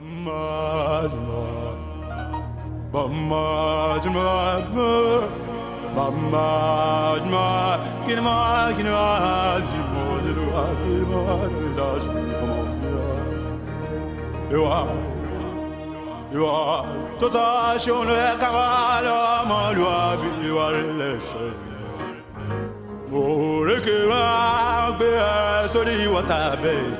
بمجمع بمجمع بمجمع كل ما كنا عايزين موزلوا كل ما كناش يوا يوا تتعشون كمال ومالوا بيوالش وركبا بيسولي وتابتي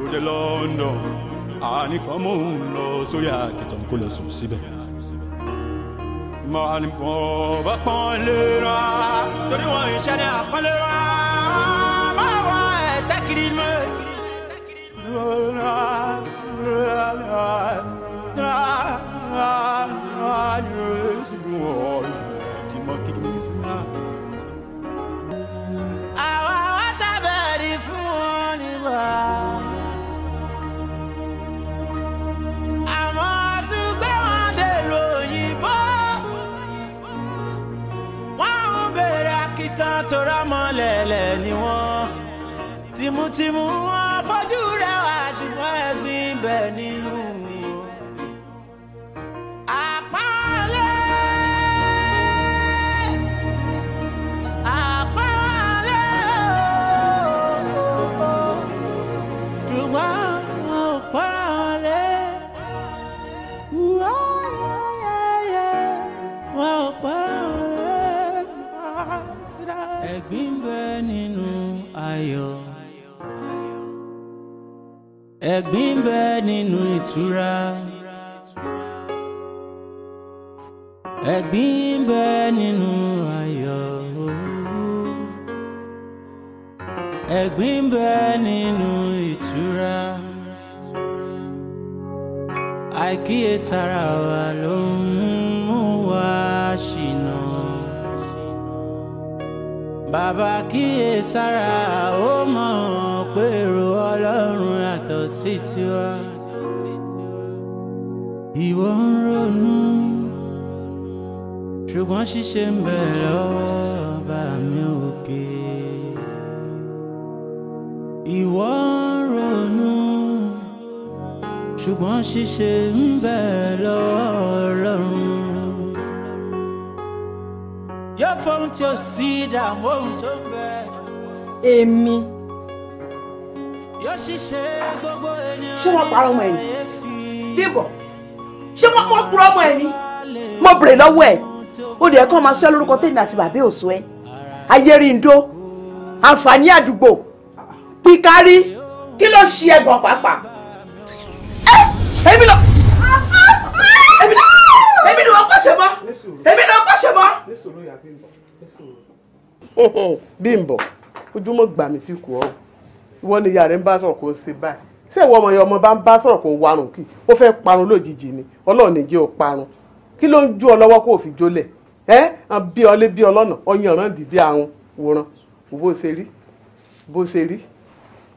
ودلوندو Ani kan mò ń lọ sórí àkìtàn kó lọ sùn síbẹ̀. mọ̀ọ́lì mọ̀ bá pọ́n lè ra torí wọn ìṣe ni àpọ́n lè ra tìmùtìmù afọ́jú rẹwà ṣùgbọ́n ẹ̀gbin bẹ́ẹ̀ ni o. ẹ̀gbín ń bẹ nínú ìtura. ẹ̀gbín ń bẹ nínú ayọ̀. ẹ̀gbín ń bẹ nínú ìtura. àìkíyèsára wa ló ń mú wa ṣìnà. bàbá kíyèsára ó mọ̀ pé Ọlọ́run fìtì wá ìwọ ń ronú ṣùgbọ́n ṣíṣe ń bẹ lọ́wọ́ bá mi òkè ìwọ ń ronú ṣùgbọ́n ṣíṣe ń bẹ lọ́wọ́ ọlọ́run yóò fọ́n tí ó sì dààmú ohun tó ń bẹ. èmi ṣé wọ́n parọ́ ọmọ ẹ̀ ni dìbò ṣé wọ́n mọ̀ kúrọ́ ọmọ ẹ̀ ni. mo bèrè lọ́wọ́ ẹ̀ ó dẹ̀ kàn máa sọ ẹ́ lórúkọ tèmi àti bàbá òsó ẹ̀ ayérìndó àǹfààní àdúgbò píkárí kí ló ṣe ẹ̀gbọ́n pàápàá. ẹ èmi lọ èmi lọ èmi ni wọ́n pàṣẹ mọ́ èmi ni wọ́n pàṣẹ mọ́. Bímbọ́ ojúmọ́ gbà mí tí kù ọ́ wọ́n ní ìyá rẹ̀ ń bá sọ̀rọ̀ kó o ṣe báyìí ṣé ìwọ ọmọ yẹn ọmọ bá ń bá sọ̀rọ̀ kó o warùn kì ó fẹ́ parun lójijì ni ọlọ́run ní jẹ́ ò parun kí ló ń jó ọ lọ́wọ́ kó o fi jólẹ̀ ẹ́ bí ọlé bí ọlọ́nà ọyàn rán dì bí àrùn wòran bó ṣe rí bó ṣe rí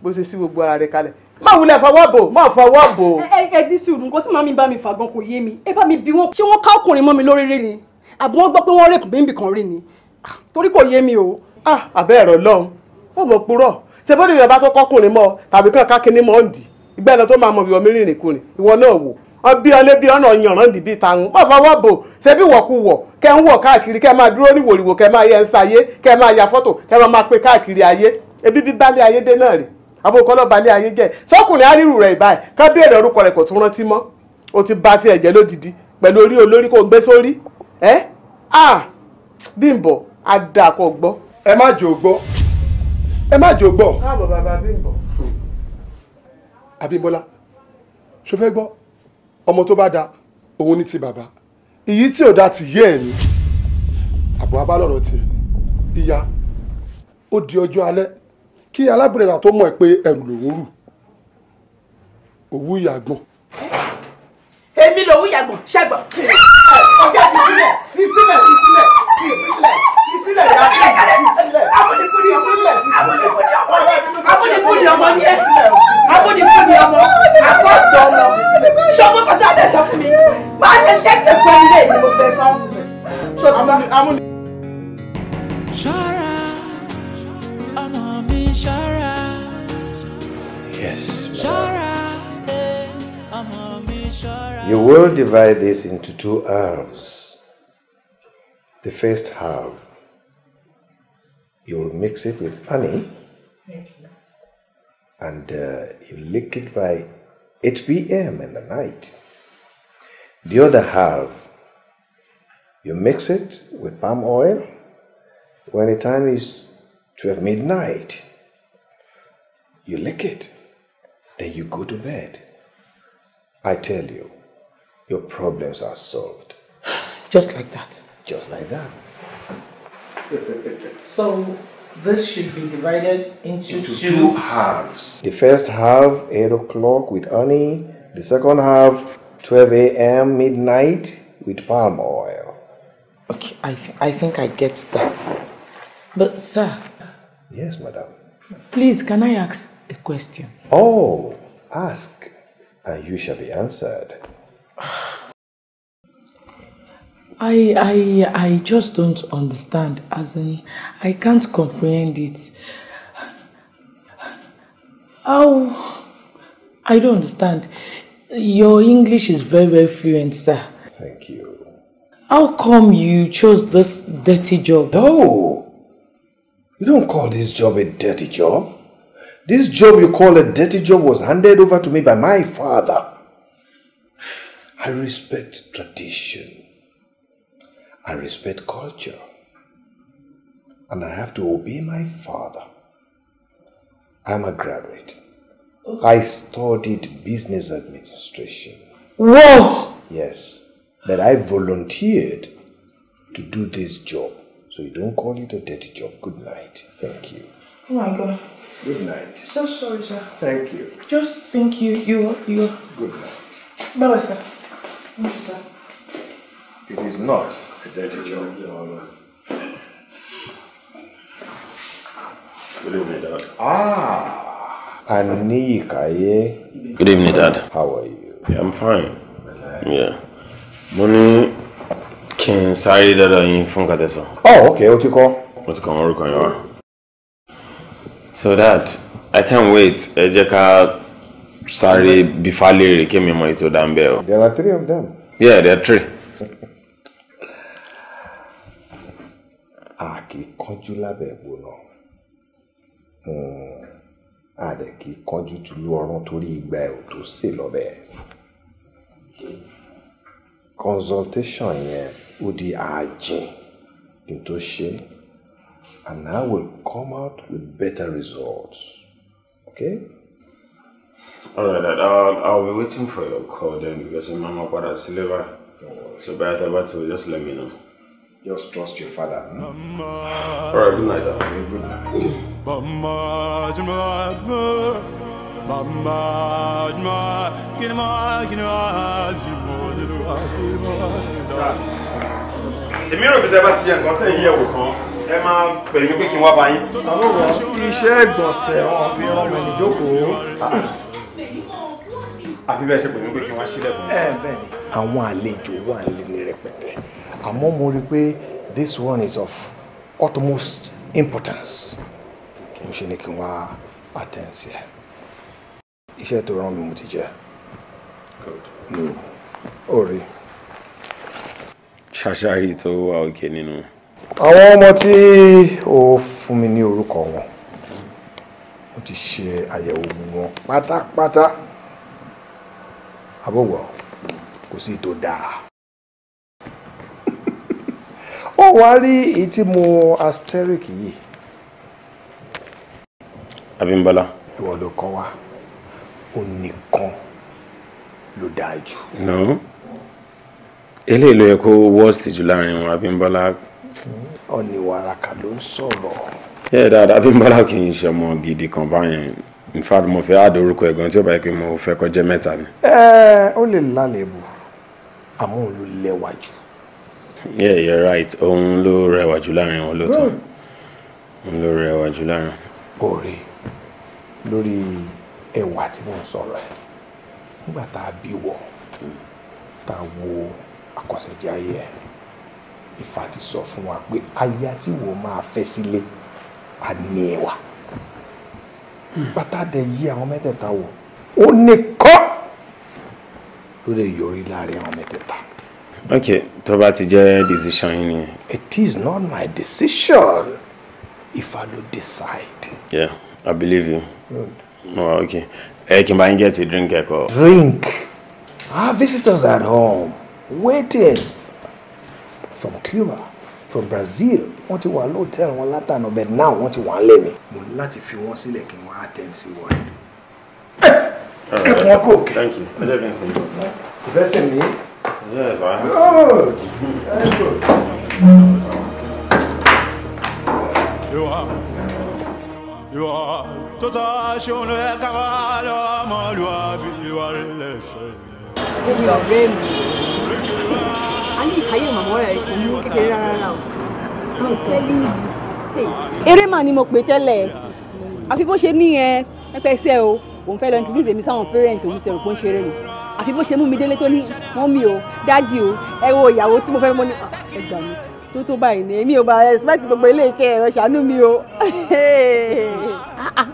bó ṣe sí gbogbo ara rẹ̀ kalẹ̀ má wulẹ̀ fọwọ́ bò má fọwọ́ bò. ẹ ẹ di sùúrù nǹkan tí màmí bá mi fà gan kò yé mi ẹ bá mi bí wọn. ṣé wọn ká ọkùnrin mọ́ mi lórí rí ni àbí wọn gbọ́ pé wọn rèpù bíbí kan rí ni ah, torí kò yé mi o. àbẹ́ ah, ẹ̀rọ lọ́hùn-ún ọmọ purọ́ ṣe bó nìyẹn bá tó kọkùnrin mọ tàbí kàn kákínní mọ ǹdí ìgbà ẹ̀nà tó máa mọ ìwọ mìíràn ìrìnkùnrin ìwọ náà bi wọn bí ndi bi ọ̀nà yànrán dìbí ìtàrun wọn fọwọ́ bò ṣe bí wọ̀kuwọ̀ kẹ́ ń wọ̀ káàkiri kẹ́ máa dúró ní wòlíwò kẹ́ máa yẹ ń sayé kẹ́ máa ya fọ́tò kẹ́ máa máa pe káàkiri ayé ebi bí balẹ̀ ayé dé náà rè abókọ́lọ́ balẹ̀ ayé jẹ́ sọ́kùnrin arírù rẹ̀ ìbáyìí ká béèrè orúkọ rẹ̀ kò tún rántí mọ́ o ti ba ti ẹ̀jẹ̀ lódìdí pẹ̀lú orí olórí kò gbé sórí ẹ́ ah Bimbo. adà kò gbọ́. ẹ má jò ẹ má jò gbọ́. káàbọ̀ bàbá ṣo fẹ́ gbọ́ ọmọ tó bá da òun ní ti bàbá ìyí tí ò da ti yé ẹ̀ ni àbọ̀ abálọ̀rọ̀ tiẹ̀ ìyá ó di ọjọ́ alẹ́ kí alábìrẹ̀dà tó mọ̀ ẹ́ pé ẹ̀rù lòún rù òwú ìyàgbọ̀n. èmi lòwú ìyàgbọ̀n ṣẹ́gbọ̀n. ọ̀gá ti sílẹ̀ fi sílẹ̀ fi sílẹ̀ ìfilẹ̀ ìfilẹ̀ yà á kàlẹ̀ ìfilẹ̀ abúnikúni ìfilẹ̀ abúnikúni ọmọ yẹ Yes. Eh, you will divide this into two halves. the first half. You'll mix it with honey and uh, you lick it by 8 p.m. in the night. The other half, you mix it with palm oil when the time is 12 midnight. You lick it, then you go to bed. I tell you, your problems are solved. Just like that just like that. So this should be divided into, into two. two halves. The first half, 8 o'clock with honey. The second half, 12 a.m. midnight with palm oil. Okay, I, th- I think I get that. But, sir. Yes, madam. Please, can I ask a question? Oh, ask, and you shall be answered. I, I, I just don't understand, as in, I can't comprehend it. How? I don't understand. Your English is very, very fluent, sir. Thank you. How come you chose this dirty job? No! You don't call this job a dirty job. This job you call a dirty job was handed over to me by my father. I respect tradition. I respect culture. And I have to obey my father. I'm a graduate. I studied business administration. Whoa! Yes. But I volunteered to do this job. So you don't call it a dirty job. Good night. Thank you. Oh my God. Good night. So sorry, sir. Thank you. Just thank you. You. You. Good night. Bye, sir. Thank you, sir. It is not. identity of Good evening, Dad. Ah, Anikaye. Eh? Good evening, Dad. How are you? Yeah, I'm fine. Yeah. Money ní kí that sáré dáadáa yín fún Oh, okay, What you call? Mo ti kọ́ àwọn orúkọ yẹn So, Dad, I can't wait. Ẹ jẹ́ ká sáré bí falẹ̀ rè There are three of them. Yeah, there are three. a kì lábẹ́ ìgbóná hmm, a dẹ̀ kì í kánjú tulú ọrán torí ìgbà ẹ̀ ò tó sè lọ́bẹ̀ consultation yẹn ó di ààjìn kí n tó ṣe and I will come out with better results okay. All right, Dad. I'll, I'll be waiting for your call then because I'm not going to deliver. So by the time, just let me know. Just trust your father. Hmm? All right, good night. Okay, good night. èmi rò bìtẹ́ bá ti yẹ nǹkan tẹ̀ yí ẹ̀wò tán ẹ máa pè mí pé kí n wá bá yín. àlọ́rọ̀ iṣẹ́ ìgbọ̀nsẹ̀ ọ̀fìn ọmọ ìjókòó. àfi bẹ́ẹ̀ ṣe pè mí pé kí n wá sílẹ̀kùn. àwọn àlejò wà nílé rẹpẹtẹ àmọ́ mo rí i pé this one is of utmost importance mo ṣe ni kí n wá attend sí ẹ iṣẹ́ tó rán mi mo ti jẹ́ mm. ó rí i ṣàṣàrí tó wà òkè nínú. àwọn ọmọ tí ó fún mi ní orúkọ wọn mo ti ṣe àyẹ̀wò wọn pátápátá abọ́wọ̀ kò sí tó dáa ó wá rí èyí tí mo asteric yìí. Abímbọ́lá. ìwọ ló kọ́ wa ó nìkan ló dáa jù. no eléyìí ló yẹ kó worst jù láàrin wọn Abímbọ́lá. ọ̀nì wàràkà ló ń sọ̀rọ̀. yẹ́ẹ̀ dáadáa Abímbọ́lá kì í ṣe ọmọ gidi kan báyẹn in mo fẹ́ add orúkọ ẹ̀gbọ́n tí ó bá yẹ pé mo fẹ́ kó jẹ́ mẹ́ta ni. ẹ eh, ó lè lálẹ́ bù àmọ́ òun ló lẹ́wà jù yeah you're right òun ló rẹwà jù láàrin wọn lóòótọ́ òun hmm. ló rẹwà jù láàrin. bọ̀rẹ̀ lórí ẹwà tí wọ́n sọ̀rọ̀ ẹ̀ nígbà tá a bí wọ̀ tá a wo àkọsẹ̀jáyé ẹ̀ Ifá ti sọ fún wa pé aya tí wọ́n máa fẹ́ sílé á ní ẹwà bàtà dẹ̀ yí àwọn mẹ́tẹ̀ẹ̀ta wò ó nìkan ló lè yọrí láàrin àwọn mẹ́tẹ̀ẹ̀ta. Okay, tó bá ti jẹ́ decision yín nìyẹn. it is not my decision if I no decide. yeah I believe you. good. Oh, okay ẹ kí n bá yín get a drink ẹ drink our visitors at home waiting from Cuba from Brazil wọ́n ti wà lóòtẹ́ẹ̀lì wọn látànà but now wọ́n ti wà ń lé mi. mo ní láti fi wọ́n sílẹ̀ kí wọ́n á tẹ̀ sí wa. ẹ kún wọn kò thank you ẹ jẹ́ n sìn. ìfẹ́ sìn Good. good. You are, you are, totashun ekavalo maluabi you are leshe. Ebi ọ̀rẹ́ mi, a ní ìkáyé màmá rẹ̀ kò mú kékeré rárá o. I'm telling you. Eré màá ni mo pè tẹ́lẹ̀, àfi bó ṣe ní ẹ e, e pẹ́pẹ́ sẹ́ o, òun fẹ́ lọ introduce èmi sáwọn parent òun tẹ̀rù pé ó ń ṣeré ni àfi bó ṣe mú mi délé tó ní mọ́mí o dáàdì o ẹ wo ìyàwó tí mo fẹ́ mọ́ ní ah, ẹgbà mi tó tó báyìí ni èmi ò bá expect gbogbo ilé ìkẹ́ ẹ̀rọ ṣàánú mi o. Ah, ah.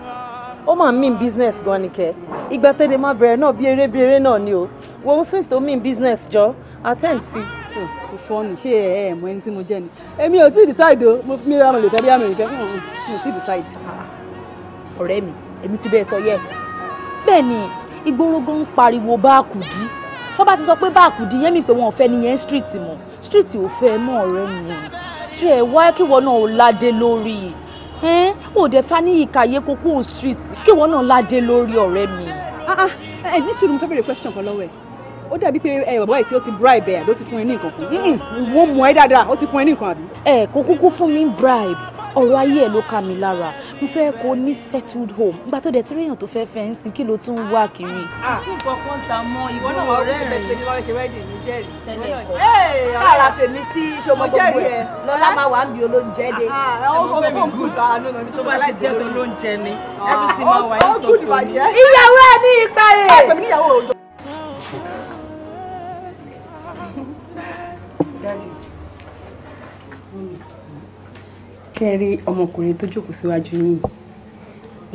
ó máa ń mean business gan ni kẹ ìgbà tẹ́lẹ̀ máa bẹ̀rẹ̀ náà bí eré bí eré náà ni o wo since tó mean business jọ attend sí hmm, kò fọ́ọ̀nì ṣé ẹ ẹ mọ ẹni tí mo jẹ ni èmi ò tí ì decide o mo fi mi ra mo lè fẹ́ bí hmm, hmm, mi ì ọ̀rẹ́ mi èmi ti bẹ́ẹ̀ sọ yes bẹ́ẹ̀ ni ìgboro gan ń pariwo báàkùdí tó bá ti sọ pé báàkùdí yẹn mi pé wọn ò fẹ́ nìyẹn street mọ́ street ò fẹ́ mọ́ ọ̀rẹ́ mi tí ẹ wá kí wọn náà ò ládé lórí ẹ ò dẹ fani ìkàyé kókó street kí wọn náà ládé lórí ọ̀rẹ́ mi. Ah, ah, ẹ ní sùúrù mo fẹ́ bèrè question kan lọ́wọ́ ẹ̀ ó dàbí pé ẹ bàbá ẹ tí ó ti bribe ẹ̀ àbí ó ti fún ẹ ní nǹkan kan wọ́n mú ẹ dáadáa ó ti fún ẹ ní nǹkan àbí. ẹ kò kúkú fún mi bribe ọ̀rọ̀ ayé ẹ̀ ló ká mi lára mo fẹ́ kó ní settled home nígbà tó dẹ̀ tí èèyàn tó fẹ́ fẹ́ ń sin kí ló tún wá kiri. àṣù ah. kọ̀ọ̀kan ta mọ́ ìwọ náà wọ́n rẹ̀ rẹ̀ lẹ́ni wọ́n ṣe wẹ́ẹ̀dì mi jẹ́rìí tẹ́lẹ̀ kọ́. káàrà fèmí sí ṣọmọ gbogbo ẹ lọ́lá máa wà ń bi olóúnjẹ de. ìyàwó ẹ ní ipa kẹ́rí ọmọkùnrin tó jókòó síwájú yìí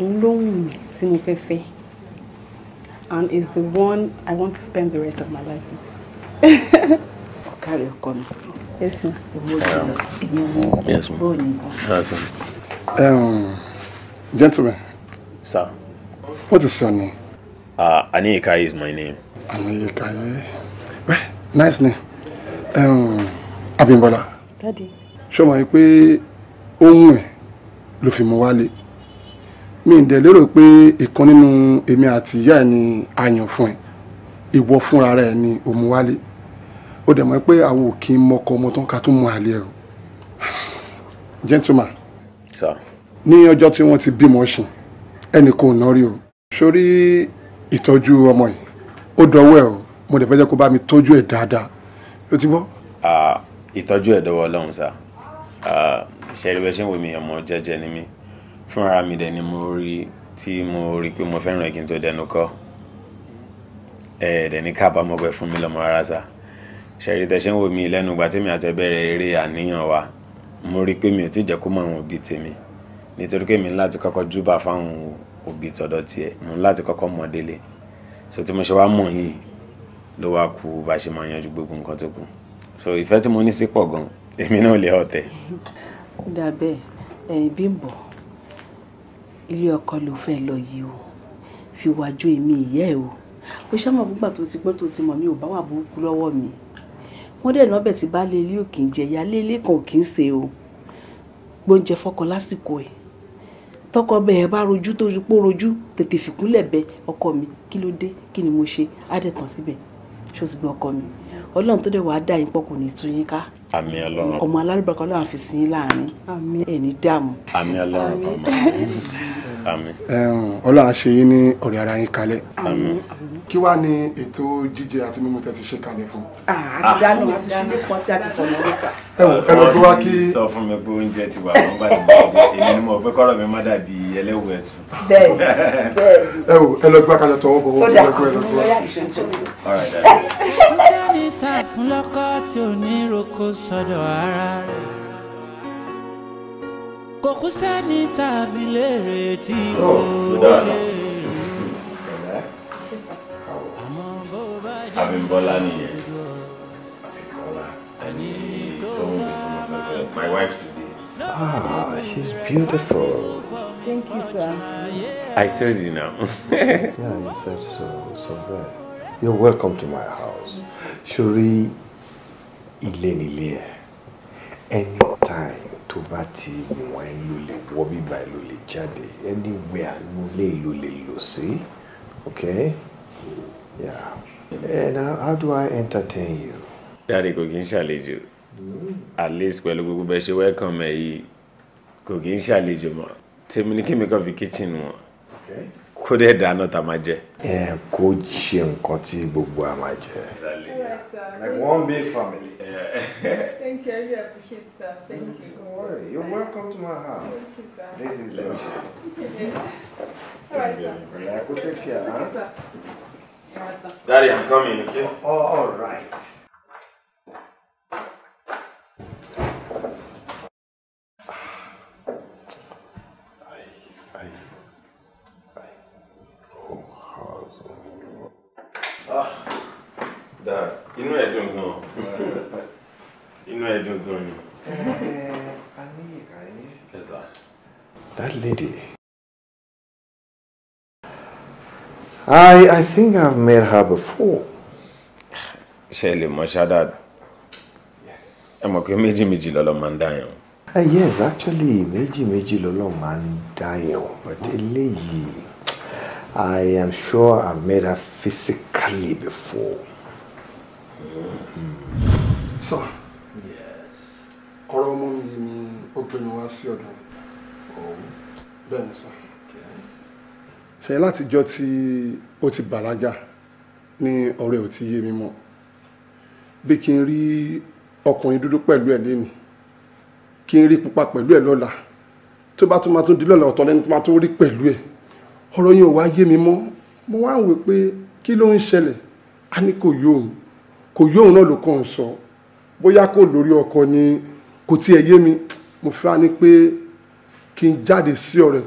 òun ló wù mí tí mo fẹ́ fẹ́ and is the one I want to spend the rest of my life with. ọ̀kàrí ọkọ mi. yes ma. owó ti lọ ìyẹn mú bóun nìkan. gentleman. sir. what is your name. Uh, Aniyekaye is my name. Aniyekaye. Well, nice name. Um, Abimbola. Daddy. Ṣé o mọ̀ pé ohun ẹ̀ ló fi mú wálé mi ǹdẹ̀ lérò pé ìkan nínú èmi àti ìyá ẹ̀ ni a yàn fún ẹ ìwọ fúnra rẹ ni òmu wálé ó dẹ̀ mọ́ pé àwọn ò kí ń mọkọ ọmọ tán ká tún mọ àlè o gentleman sir ní ọjọ́ tí wọ́n ti bímọ ṣìn ẹnì kò ná rí o sórí ìtọ́jú ọmọ yìí ó dọwọ́ ẹ o mo dẹ̀ fẹ́ jẹ́ kó bá mi tọ́jú ẹ̀ dáadáa o ti gbọ́. Ah, ìtọ́jú ẹ̀ dọwọ́ ọlọ́run sá ṣẹ́rí bẹ́ẹ̀ ṣe ń wò mí ọmọ jẹ́jẹ́ ni mí fúnra mi dẹ̀ ni mo rí tí mo rí pé mo fẹ́ràn ẹ̀kí tó dẹnu kọ́ ẹ̀ dẹ̀ ní kábàámọ̀ pẹ̀ fún mi lọ́mọ rárá sá ṣẹ́rí tẹ̀ ṣe ń lẹ́nu ìgbà tèmi àti ẹbẹ̀rẹ̀ eré àníyàn wa mo rí pé mi ò tí ì jẹ́ kó mọ àwọn òbí tèmi nítorí pé mi ń láti kọ́kọ́ júbà fáwọn òbí tọ̀dọ̀ tiẹ̀ mo ń láti kọ́kọ́ mọ̀ délé so tí mo ṣe wá mọ̀ yìí ló wá kú bá ṣe máa yanjú gbogbo nǹkan tó kù so ìfẹ́ tí mo ní sí pọ̀ gan èmi náà lè ọ̀tẹ̀ ó dà bẹ́ẹ̀ ẹ̀yìn Bímbọ́ ilé ọkọ ló fẹ́ lọ yìí o fi wájú èmi ìyá ẹ̀ o ó ṣàmọ̀ fúngbà tó ti gbọ́ tó ti mọ̀ mi ò bá wà burúkú lọ́wọ́ mi wọ́n dẹ̀ nọ́bẹ̀ tí baálé ilé ò kì í jẹ ìyáálé ilé kan ò kì í ṣe o gbóúnjẹ fọkọ lásìkò ẹ̀ tọkọ bẹ́ẹ̀ bá rojú tó pó rojú tètè fìkúnlẹ̀ bẹ ọkọ mi kí ló dé kí ni mo ṣe á dẹ̀ tán síbẹ̀ ṣó ti gbé ọkọ mi ọlọ́run tó dẹ̀ wàá dà yín pọ̀ kò ní tú yín ká. àmì ọlọ́run ọmọ alárùbákan ọlọ́run fi sí yín láàrin ẹni dààmú. àmì ọlọ́run ọmọ àmì. ọlọ́run á ṣe yín ní ọ̀rẹ́ ara yín kalẹ̀ kí wàá ní ètò jíjẹ àti mímu tẹ́ ti ṣe kalẹ̀ fún. àti ah. àti ṣílé kan tí a ti fọ̀nà nípa. ẹ wò ẹ lọ bí wá kí. sọ fún mi pé oúnjẹ ti wà wọn bá ti bọ̀ èmi ni mo pé kọ́rọ̀ mi má dàbí ẹlẹ́wù ẹ̀tù. bẹ́ẹ̀ bẹ́ẹ̀. ẹ ẹ lọ bí wá tọwọ́ bọ̀ wọ́n tó lọ́gbọ́ ẹ lọ bí wá. sẹ́ni ta fún lọ́kọ́ tí ò ní roko sọ́dọ̀ ara rẹ̀ kò kú sẹ́ni tàbí léèrè tí kò lè. Abímbọ́lá nìyẹn Abímbọ́lá ẹni tó ń bí tí mo fẹ́ fẹ́ my wife to be. ah she's beautiful. thank you sir. I told you now. yeah you said so so well you're welcome to my house sori ilé nílé ẹ anytime tó bá ti wọ̀n ẹ́ ló lè wọ́ bíbá ẹ̀ ló lè jáde anywhere ló lè lò sí okay yeah. And now, how do I entertain you? Daddy kò kí n ṣàlejò. At least pẹ̀lú gbogbo bẹ́ẹ̀ ṣe welcome ẹ̀ yìí kò kí n ṣàlejò mọ́. Tèmi ní kíni kan fi kitchen wọn. Kó dẹ̀ dáná tá a máa jẹ. Ẹ kó ṣe nǹkan tí gbogbo a máa jẹ. Like one big family. Yeah. Thank you, I really appreciate it, sir. Thank you. Don't worry, you're welcome to my house. Thank you, sir. This is your share. All right, sir. Relax, take Thank you, sir. Daddy, I'm coming, okay? Oh, all right. Ah, inú ẹ dùn gan inú ẹ dùn gan ni. ẹ eh, eh, a ní that lady I, I think I've met her before. Ṣé my mọ̀ Shaddad? I'm mọ̀ Meji méjì méjì lọ́lọ́ uh, Yes, actually, Meji Meji, lolo máa But eléyìí, I am sure I've met her physically before. Mm. Sọ, ọ̀rọ̀ ọmọ mi ni ó open wá sí ọ̀dọ̀. Bẹ́ẹ̀ ni sọ ṣe látijọ́ tí ó ti bàlágà ní ọ̀rẹ́ ò ti yé mi mọ́ bí kí n rí ọkùnrin dúdú pẹ̀lú ẹ̀ lénìí kí n rí pupa pẹ̀lú ẹ̀ lọ́la tó bá tún máa tún di lọ́la ọ̀tọ̀ lẹ́ni tó máa tún rí pẹ̀lú ẹ̀ ọ̀rọ̀ yẹn ò wá yé mi mọ́ mo wá ń wò pé kí ló ń ṣẹlẹ̀ a ní kò yóhùn kò yóhùn náà ló kàn ń sọ bóyá kò lórí ọkọ ni kò tiẹ̀ yé mi mo fẹ́ ni pé kí n jáde sí ọ̀rẹ́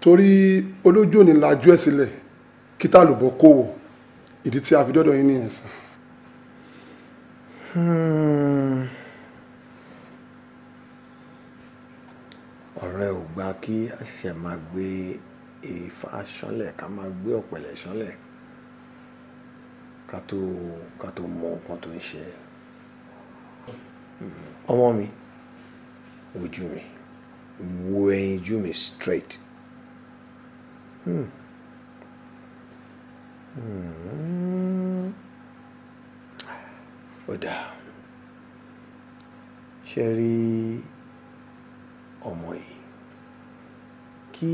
torí olójú òní lajú ẹ̀ sílẹ̀ kí tá lùbọ̀ kó wò ìdí tí a fi dọ́dọ̀ yín nìyẹn sàn. Hmm. ọ̀rẹ́ ò gba kí a ṣẹ̀ṣẹ̀ máa gbé ìfà ṣánlẹ̀ ká máa gbé ọ̀pẹ̀lẹ̀ ṣánlẹ̀ ká tó ká tó mọ nǹkan tó ń ṣe hmm. ọmọ mi ojú mi wo ẹyin ojú mi straight Hmm. Hmm. Ó dáa. Ṣé rí ọmọ yìí? Kí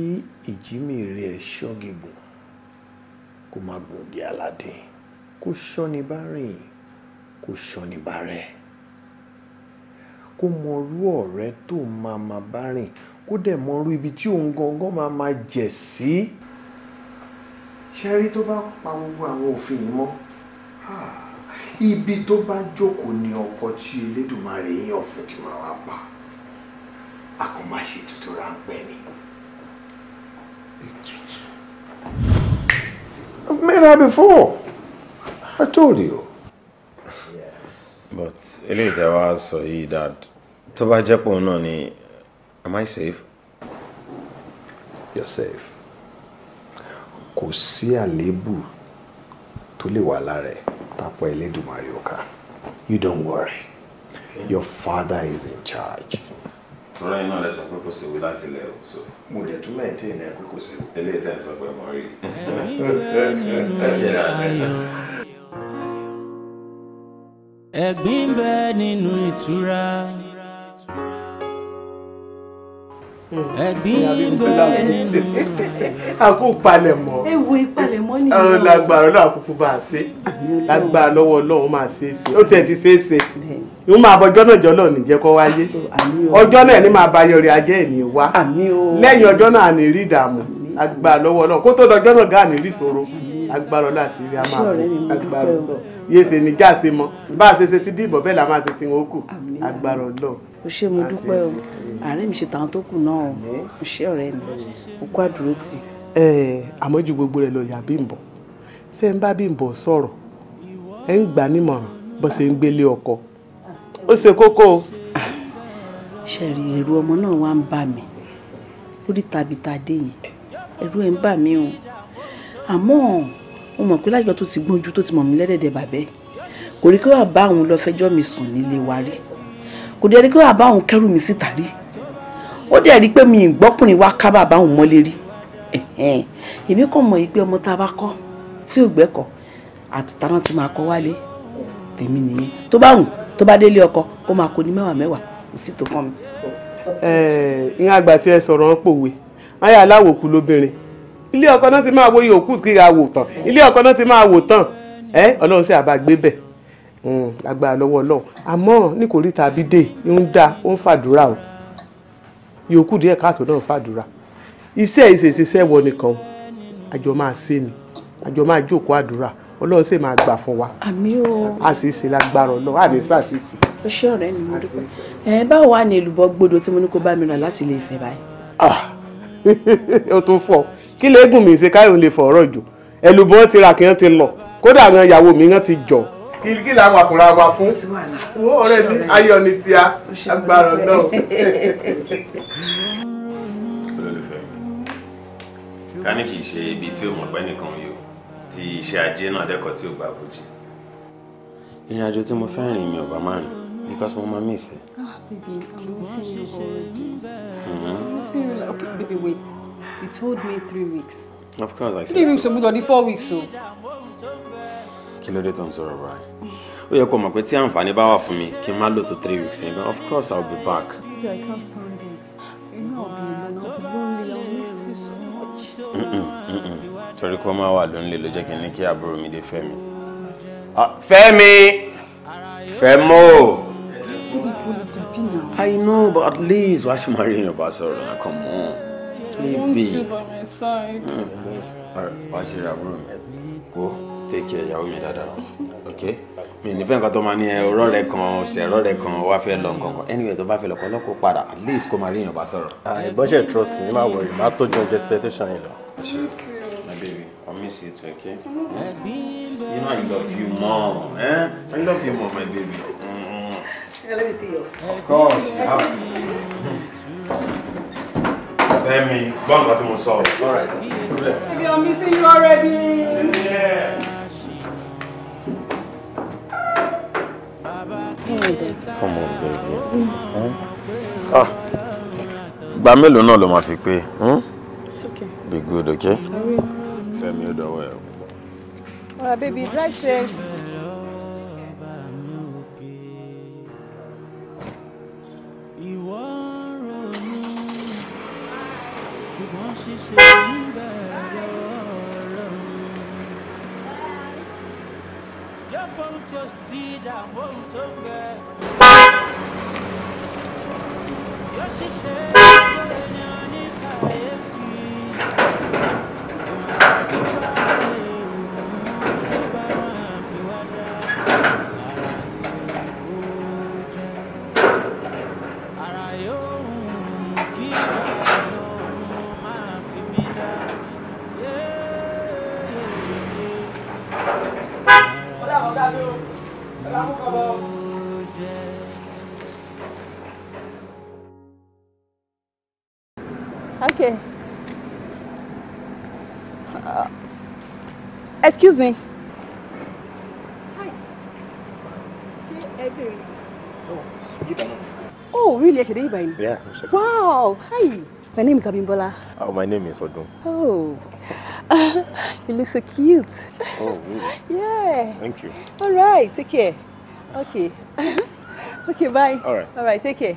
ìjímèrè ẹ̀ ṣọ́gígùn kó má gùn bí aládé. Kó ṣọ́ni bá rìn, kó ṣọ́ni bá rẹ̀. Kó mọrú ọ̀rẹ́ tó máa ma bá rìn, kó dẹ̀ mọrú ibi tí òun gangan máa ma jẹ̀ sí ṣẹ́rí tó bá pa gbogbo àwọn òfin yìí mọ́ ibi tó bá jókòó ni ọkọ tí Elédùmarè yàn fún ti máa wá pa a kò máa ṣe tuntun ráńpẹ́ ni. I've met her before. I told you. Yes. But eléyìí tẹ wá sọ yìí dad tó bá jẹ́ pọ̀ náà ni am I safe? You're safe kò sí àléébù tó lè wà lára ẹ̀ tápọ̀ Elédùmarè ò you don't worry your father is in charge. tọ́lá iná lẹ sọ pé kò séwu láti lẹ o so. mo lè tún mẹ́ǹtẹ́ ìnáyà pé kò séwu. eléyìí tẹ̀ ń sọ pé mo rí i. ẹ̀gbín bẹ́ẹ̀ nínú ìtura. ẹ̀gbin bẹ nínú rẹ̀. a kò palẹ̀mọ́. ewu ìpalẹ̀mọ́ nìyẹn. àwọn lágbára ọlọ́run àkókò bá a ṣe lágbára lọ́wọ́ ọlọ́run máa ṣe é ṣe ó tiẹ̀ ti ṣe é ṣe ìwọ́n máa bọ ọjọ́ náà jọ́lọ́ níjẹ́ kó wáyé ọjọ́ náà ní máa bá yọrí ajé ẹ̀mí wá lẹ́yìn ọjọ́ náà ní rí ìdààmú agbára lọ́wọ́ ọlọ́run kó tó dọjọ́ náà gáà ní rí ìṣòro agbára ọlọ́run àti rí a máa bọ̀ agbára ọlọ́run mọ́ bá a ṣe ṣe ti dìbò bẹ́ẹ̀ la máa ṣe ti wọn kù o ṣe mo dúpẹ́ o àárẹ̀ mi ṣe tàwọn tó kù náà o ṣe ọ̀rẹ́ mi o kó àdúró tì. ẹ àmọ́ ju gbogbo rẹ̀ lọ yà Bímbọ́ ṣé ń bá Bímbọ́ sọ̀rọ̀ ẹ ń gbà nímọ̀ràn bó ṣe ń gbélé ọkọ ó ṣe kókó. ṣẹ̀rí ẹ̀rù ọmọ náà wá ń bà mí lórí tàbí tàdé yẹn ẹ̀rù ẹ̀ ń bà mí o àmọ́ mo mọ̀ pé láyọ̀ tó ti gbọ́njú tó ti mọ̀ mí lẹ́dẹ̀ẹ̀dẹ̀ bàbẹ́ kò rí kí wàá bá àwọn lọ fẹjọ́ mi sùn nílé wa rí kò dẹ̀ rí pé bàbá òun kẹ́rù mi síta rí ó dẹ̀ rí pé mi ì gbọ́kùnrin wá ká bàbá òun mọ́lé rí èmi kò mọ̀ yìí pé ọmọ tá a bá kọ́ tí ò gbẹ́kọ̀ àti tàná ti máa kọ́ wálé tèmi nìyẹn tó bá wùn tó bá délé ọkọ kó máa kó ní mẹ́wàá mẹ́wàá kò sí tó kàn mí. ìyá àgbà tí ẹ sọ̀rọ̀ ń pòwe ayé aláwòkú lóbìnrin ilé ọkọ náà ti máa wo iye òkú kíra wò tán ilé ọkọ náà ti máa wò tán ọlọ́run sì àbá gbé bẹ́ẹ̀ Mm, lágbára lọ́wọ́ ọlọ́run àmọ́ ní kò rí tàbí dé ń dá ó ń fàdúrà o yòókù díẹ̀ káàtó náà fàdúrà iṣẹ́ ìṣèṣiṣẹ́ wọ nìkan àjọ máa ṣe ni àjọ máa jókòó àdúrà ọlọ́run sì máa gbà fún wa àmín a sì ṣe lágbára ọlọ́run a ní sàṣìtì. ó ṣe ọ̀rẹ́ ni mo dúpẹ́ ẹ báwo wà ní èlùbọ́ gbódò tí mo ní kó bá mi rà láti ilé Ifẹ̀ báyìí. Ah! ó tún fọ kí lẹ́gùn mi ṣe káyọ̀ lè fọ ọ̀rọ̀ jù èlùbọ́ ti rà kí wọ́n ti lọ kódà àwọn ìyàwó mi wọ́n ti jọ̀ kí là wà fúnra wa fún ọ̀rẹ́ mi ayọ̀ ni tí a agbára náà. olólùfẹ́ ká ní kì í ṣe ibi tí ó mọ̀ pẹ́ nìkan yìí ti iṣẹ́ ajé náà dẹ́kọ̀ tí ó gbà bójì. ìrìn àjò tí mo fẹ́ rìn mi ò bá máa rìn because mama miss it. Ah, baby, I'm missing you already. I'm missing you. baby, wait. You told me three weeks. Of course, I said. Three weeks, so. but only four weeks, so kí ló dé tó ń sọ̀rọ̀ báyìí ó yẹ kó mọ̀ pé tí àǹfààní bá wà fún mi kí n má lò tó three weeks yẹn of course I'll be back. I can't stand it inú ọ̀bì ìlú náà kò lónìí I miss you so much. torí kó má wà lónìí ló jẹ́ kí n ní kí àbúrò mi dé Fẹ́mi. Fẹ́mi Fẹ́mọ́. I know but at least wàá ṣe máa rí èèyàn bá sọ̀rọ̀ náà ah, come on. I want you by my side. Mm-hmm. wàá ṣe rí àbúrò mi kó take care ìyàwó mi dáadáa ok mi ní fẹ́ nǹkan tó máa ní ẹ ọ̀rọ̀ rẹ kan ṣẹ̀rọ̀ rẹ kan wá fẹ́ lọ nǹkan kan anyway tó bá fẹ́ lọ lọ́kọ́ padà at least kó máa rí èèyàn bá sọ̀rọ̀. ìbọn ṣe trust mi máa wọrí máa tọ́jú ọjọ́ expectation yìí lọ. my baby i miss you okay you know i love you more eh? i love you more my baby. Mm. let me see you. of course you have to. Fẹ́mi, gbọ́n nǹkan get mo sọ. All right. Baby, I'm missing you already. dẹ̀. come on baby. Hmm? ah gba mélòó my ló máa hmm? It's okay. be good okay. fẹ́mi ó dọ̀wọ́ ẹ̀. ọ̀rọ̀ bèbí drive safe. ìwọ ronú ṣùgbọ́n ṣíṣe ní. Yeah. excuse me. Oh, oh, really? Actually, Ibrahim? Yeah. Wow. Hi. My name is Abimbola. Oh, my name is Odun. Oh. Uh, you look so cute. Oh, really? yeah. Thank you. All right. Take care. Okay. okay, bye. All right. All right. Take care.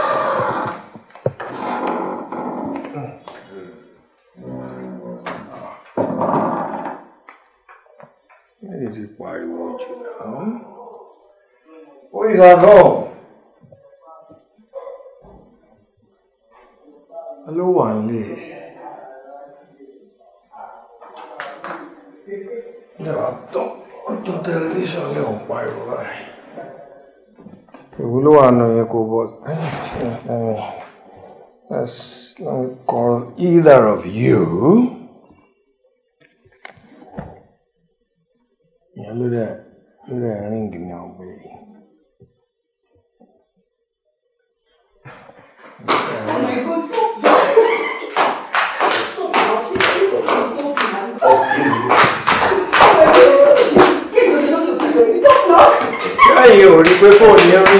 ti pariwo jìnnà. Who is at home? Ló wà nílé. Ìjọba tán tán tẹlifíṣàn lè ń pariwo báyìí. Ìwúlò wà nù yẹn kò bọ̀. Let's call either of you. ìyẹn ló dẹ̀ ló dẹ̀ ríǹgì ní àwọn pé Ẹ̀yin ò rí pé fóònù yẹn rí.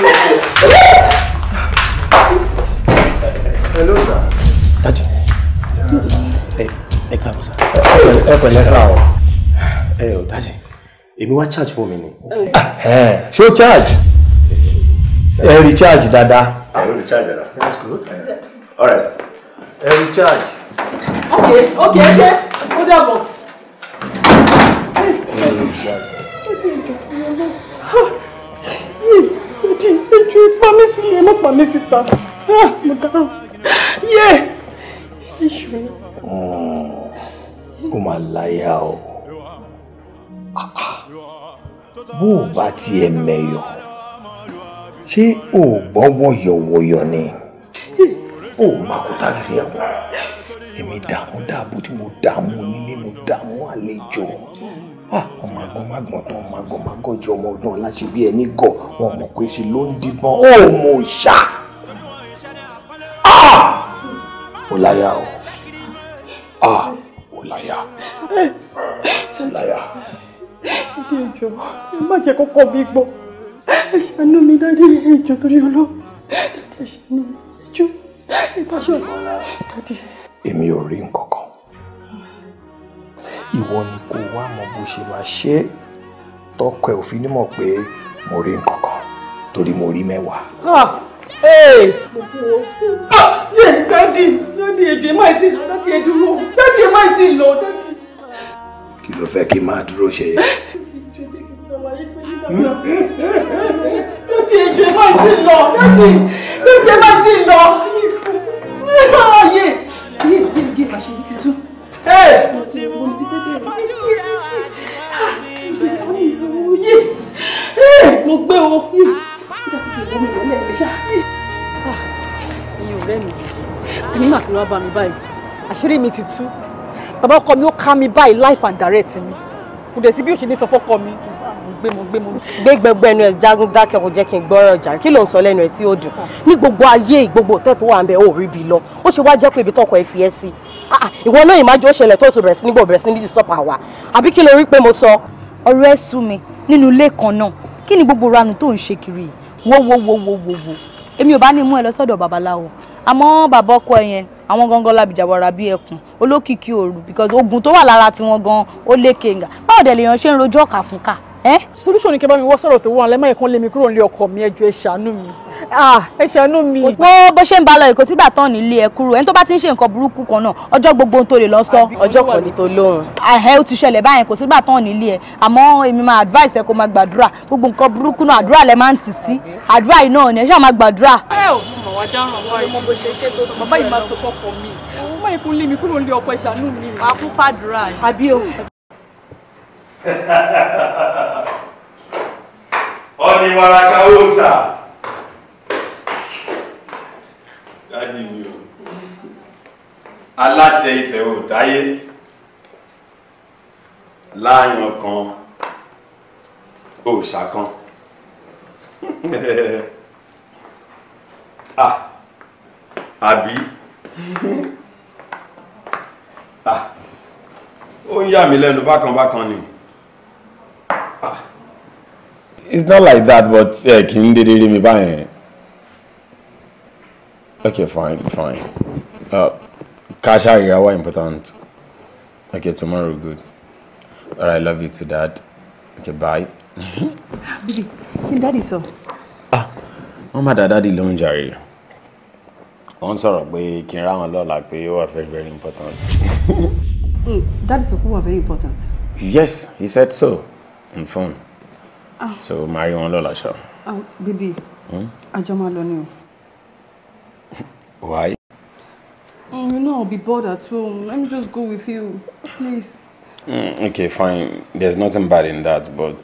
Hello sir. Dájú. Ẹ ẹ káàbọ̀ sá. Ẹ pẹ̀lẹ́ sá o. Ẹ ò dájú èmi wá charge fún mi ni. ṣé charge ẹ rí charge dáadáa. ẹ ah, rí charge dáadáa that's good. all right. ẹ rí charge. ok ok ẹ jẹ́ ó dàbọ̀. Ìdí ẹjọ́ ipá mi sí ẹ má pa mí síta. Mo dárò. Yé! Ṣé ìṣù ni? Kó máa láyà o. Ah ah bó o bá tiẹ̀ mẹ́yọ̀ ṣé o gbọ́ wọ̀yọ̀wọ̀yọ̀ ni o màkúta fi ẹ̀wọ̀n èmi dààmú dààbò tí mo dààmú onílé mo dààmú àlejò ọmọ agbọmagbọn tó ọmọ agbọmagọjọ ọmọ ọdún aláṣẹ bíi ẹni gọ wọn mọ pé ṣe ló ń díbọn ó mọ ṣá ah! ó láyà ó ah! ó láyà ó láyà ìdí ìjọ ẹ má jẹ́ kọ́kọ́ mi gbọ́ ẹ ṣàánú mi dájú ìjọ torí ọlọ́ dájú ẹ ṣàánú mi ìjọ ìbáṣọ dájú. èmi ò rí nǹkan kan ìwọ ni kò wá mọ bó ṣe máa ṣe é tọkọ ẹ ò fi nímọ̀ pé mo rí nǹkan kan torí mo rí mẹ́wàá. dádì dádì èdè máì ti lọ dádì èdè lọ dádì èdè máì ti lọ dádì kí ló fẹ́ kí máa dúró ṣe yẹ. lójú ẹjọ́ ẹ ti lọ lójú ẹ má ti lọ ayé ayé gègé àṣírí tuntun. mo ti mú mo gbé o ẹ̀yin ọ̀rẹ́ mi nígbà tí wọ́n bá mi báyìí àṣírí mi ti tú bàbá ọkọ mi ó ká mi báyìí life and direct mi kò dẹ̀ sí bí ó ṣe ní sọ fọ́kọ mi gbẹmọ gbẹmọ. gbé gbẹgbẹ ẹnu ẹ jágún dákẹ́ kò jẹ́ kí n gbọ́rọ̀ jà kí ló ń sọ lẹ́nu ẹ tí ó dùn ní gbogbo ayé gbogbo òtẹ́ tó wà ń bẹ ó rí bi lọ ó ṣe wá jẹ́ pé ibi tọkọ ẹ fi ẹ sí ah, ah, ìwọ náà ìmájú ó ṣẹlẹ̀ tó tó bẹ̀rẹ̀ sí nígbò bẹ̀rẹ̀ sí ní disturb àwa àbí kí ló rí pé mo sọ. ọ̀rọ̀ ẹ sú mi nínú ilé kan náà kí ni gbogbo ranù tó ń ṣe kiri wo wo wo wo wo èmi ò bá ní mú ẹ lọ sọ́dọ̀ àwọn gangan làbìjàwara bí ẹkùn olókìkí òru because ogun tó wà lára tiwọn gan ó lékè nga báwo dẹ̀ lèèyàn ṣe ń rojọ́ ọ̀kà fún kà ẹ. Eh? solution ni kí n bá mi wọ́ sọ̀rọ̀ tó wà lẹ́mọ̀ ẹ̀kan lé mi kúrò nílé ọkọ mi ẹjọ́ ẹ ṣàánú mi ah, ẹ ṣàánú mi. bó bó ṣe ń ba lọ èkó tí bàtàn nílé ẹ kúrò ẹni tó bá ti ń ṣe nǹkan burúkú kan náà ọjọ́ gbogbo tó lè lọ sọ. ọjọ́ kan ní tó lóhùn. Ah, ẹ ó ti ṣẹlẹ̀ báyẹn kò sí bàtàn nílé ẹ àmọ́ èmi máa advice ẹ kó máa gbàdúrà gbogbo nǹkan burúkú náà àdúrà lẹ máa ń tì sí àdúrà Oni waraka ó sà dáàdi mi o aláṣẹ Ifẹ̀ ò táyé láàyàn kan òòṣà kan ah Abi. ah ó ń yà mí lẹ́nu bákan bákan it's not like that but ẹ kì í dédé rí mi báyẹn okay fine fine uh, cash uh, area were important okay tomorrow good alright love you too dad okay bye. dadi kí ni dadi sọ. ah wọ́n má dáadáa di lóúnjẹ rẹ̀ wọ́n sọ̀rọ̀ pé kí n ráwọn lọ́la pé ó wà very very important. dadi sọ pé ó wà very important. yes he said so. On phone ah. so máa rí wọn lọ́la ṣá. Ah, bíbí àjọ hmm? máa lọ ni o. why. Mm, you know I'll be bored at home. Let me just go with you, please. Mm, okay, fine. There's nothing bad in that, but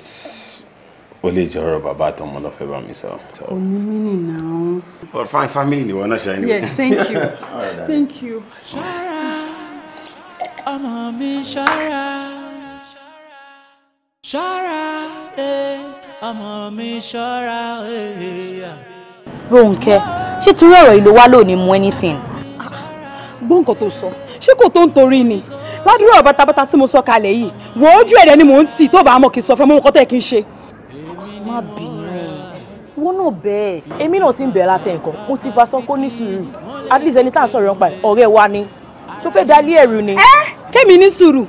only lè jẹ́ ọ̀rọ̀ bàbá àtọmọ lọ́fẹ́ bá mi Only Òní now. But fine, family ni wọ́n náà Yes, thank you. right, thank you. Ṣọ́ra ọmọ mi ṣọ́ra ṣọ́ra ọmọ mi ṣọ́ra. Rónkẹ́ ṣé torí ọ̀rọ̀ ìlú wa ló ní mú anything. gbọ́ nǹkan tó sọ ṣé kò tó ń torí ni ládùúrà ọ̀rọ̀ bátabátá tí mo sọ kalẹ̀ yìí wò ojú ẹ̀rẹ́ ni mò ń tì tó bá mọ̀ kí n sọ fún mi nǹkan tó yẹ kí n ṣe. má bínú wọn náà bẹ́ẹ̀ èmi náà ti ń bẹ̀rẹ̀ látẹ̀ nǹkan mo ti bá sọ kó ní sùúrù at least ẹni tá à ń sọ̀rọ̀ nípa ọ̀rẹ́ wa ni ṣó fẹ́ dalí ẹ̀rù ni. ẹ kémi ní sùúrù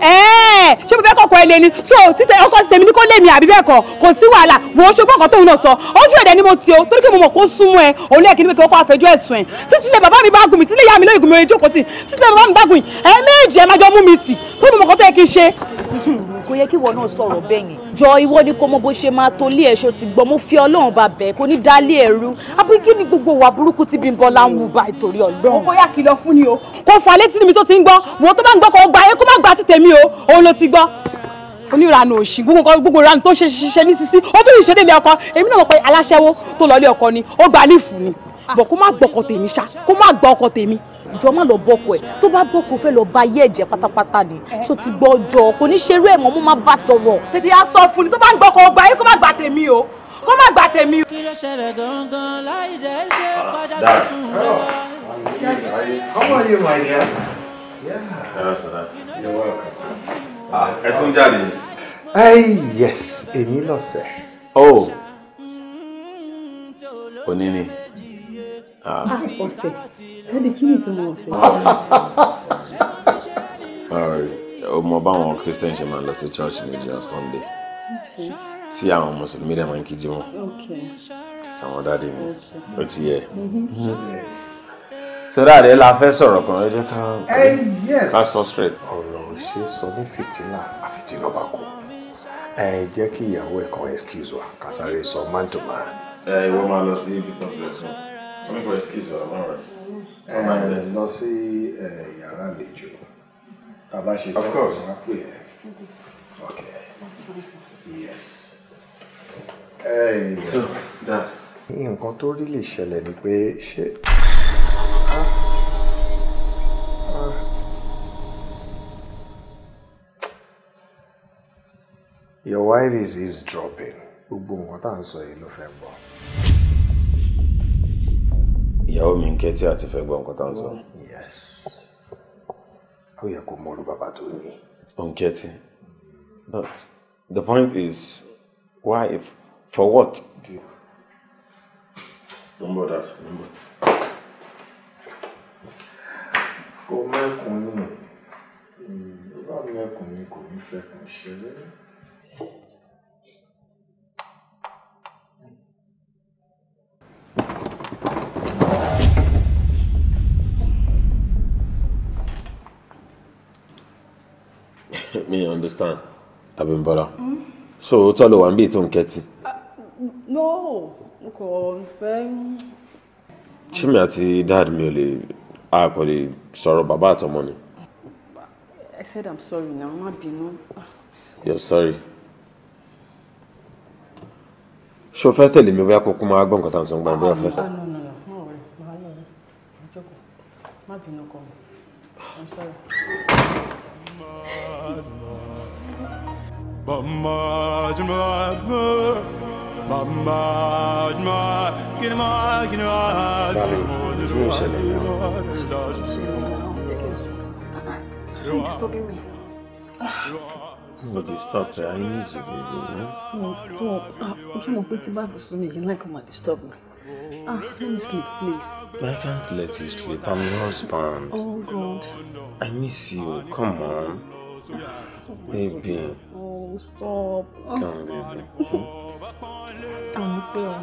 ẹ̀ẹ́ eh, ṣé mo fẹ́ kọ̀kọ́ ẹ lé ni so títẹ ọkọ ti tèmi ní kó lé mi àbí bẹ́ẹ̀ kọ́ kò sí wàhálà wò ó ṣùgbọ́n nǹkan tóun náà sọ ojú ẹ̀dẹ̀ ni mo ti o torí kí mo mọ̀ kó súnmọ́ ẹ òun lẹ́ẹ̀kì níbi kí wọ́n kọ́ àfẹjọ́ ẹ̀sùn ẹ̀ títí ilé bàbá mi bá gùn mí tí ilé ìyá mi lóyún gùn mi ojú kò tí títí ilé bàbá mi bá gùn ẹ̀ méjì ẹ̀ máa jọ mú mi tì torí mo mọ̀ kó tẹ́ kí n ṣe kò yẹ kí ìwọ náà sọ̀rọ̀ bẹ́ẹ̀ yẹn jọ ìwọ ni kò mọ bó ṣe máa tolé ẹ̀ṣọ́ ti gbọ́ mo fi ọlọ́run bá bẹ̀ kò ní dálé ẹ̀rú abúlé ní gbogbo wà burúkú tí Bímbọ́lá ń wù bá ìtòrí ọlọ́run. ó bóyá kìlọ̀ fún ni o kò fà létí mi tó ti ń gbọ́ wọn tó bá ń gbọ́ kò gbà yẹ kó má gbà ti tèmi o òun ló ti gbọ́ oníranù òsì gbogbo nǹkan gbogbo tó ṣe ṣiṣẹ́ ní sisi ó tún ìṣedèmí ọkọ èmi náà mọ̀ pé aláṣẹ́wó tó lọ ilé ọkọ Ah. bọ̀ kó má gbọ́kọ̀ tèmi ṣá kó má gba ọkọ tèmi jọ má lọ bọkọ ẹ tó bá bọkọ fẹ́ lọ ba ayé ẹ̀jẹ̀ pátápátá ni eh. ṣó ti gbọ́ ọjọ́ kò ní ṣerú ẹ̀ mọ́ mo má bá sọ̀rọ̀. tètè á sọ fún ni tó bá ń gbọ́kọ̀ ọgbà yìí kó má gbà tèmi o kó má gbà tèmi o. kí ló ṣẹlẹ̀ gangan láì jẹ́ ṣe kọjá ah, tó fún mi. How are you, my dear? Yeah. You're welcome. Ah, ẹ tún jáde. Ay, yes, èmi lọ́sẹ̀. Oh, òní ni. Ah. Ah, ah, ọ̀sẹ̀ dáàdi kí ni tí mo ọ̀sẹ̀. ọmọ báwọn christian ṣe máa lọ sí church méjì on sunday tí àwọn mùsùlùmí dẹ̀ máa ń kíjí wọn títí àwọn dáàdi mi ó ti yẹ mm-hmm. sọdáàdé la fẹ́ sọ̀rọ̀ kan ẹ jẹ́ ká eh, ká sọ straight. ọ̀rọ̀ ṣe sọ ní fìtílà àfitìlọ́ bá kú ẹ jẹ́ kí ìyàwó ẹ̀ kan excuse wa ká sáré sọ man to man. ẹ eh, ìwọ máa lọ sí ibi tó ń lọ fún un oníkọ̀ excuse wa mọ́ rẹ̀. ẹ lọ sí eh, yàrá àlejò tàbá ṣe tó wọn á pè ok yes. Hey. Eh, so dad. nǹkan tó rí lè ṣẹlẹ̀ ni pé ah, ah. Your wife is eavesdropping. Gbogbo nǹkan tá à ń sọ yìí ló ìyàwó mi ń ké tí a ti fẹ́ gbọ́ nǹkan tá sọ. Oh, yes ó yẹ kó mọ orú bàbá tó ní. ó but the point is why if for what. don't bother don't bother. kò mẹ́kùn-ún ni bàbá hmm, mẹ́kùn-ún ni kò ní fẹ́ kàn ṣeré. me understand. Abímbọ́lá so òótọ́ ló wà ń bí ètò nkẹ́tì. no n kò fẹ́. chimi àti dad mi ò lè a kò lè sọ̀rọ̀ bàbá àtọmọ ni. I said I'm sorry na má bínú. You're sorry. ṣo fẹ́ tẹ̀lé mi bóyá kókó máa gbọ́ nǹkan tá à ń sọ ń gbà bóyá fẹ́. I'm sorry. Bamma cuma Bamma cuma Girma girma Cuma cuma Disturbing me. Mo disturb ẹ, I need you baby. No, no, ah, ṣé mo pé tí bá ti sún mi yìí like me? Ah, let me sleep please. I can't let you sleep, I'm your husband. Oh God. I miss you, come on. Baby. Oh, stop. Come baby. I'm feeling.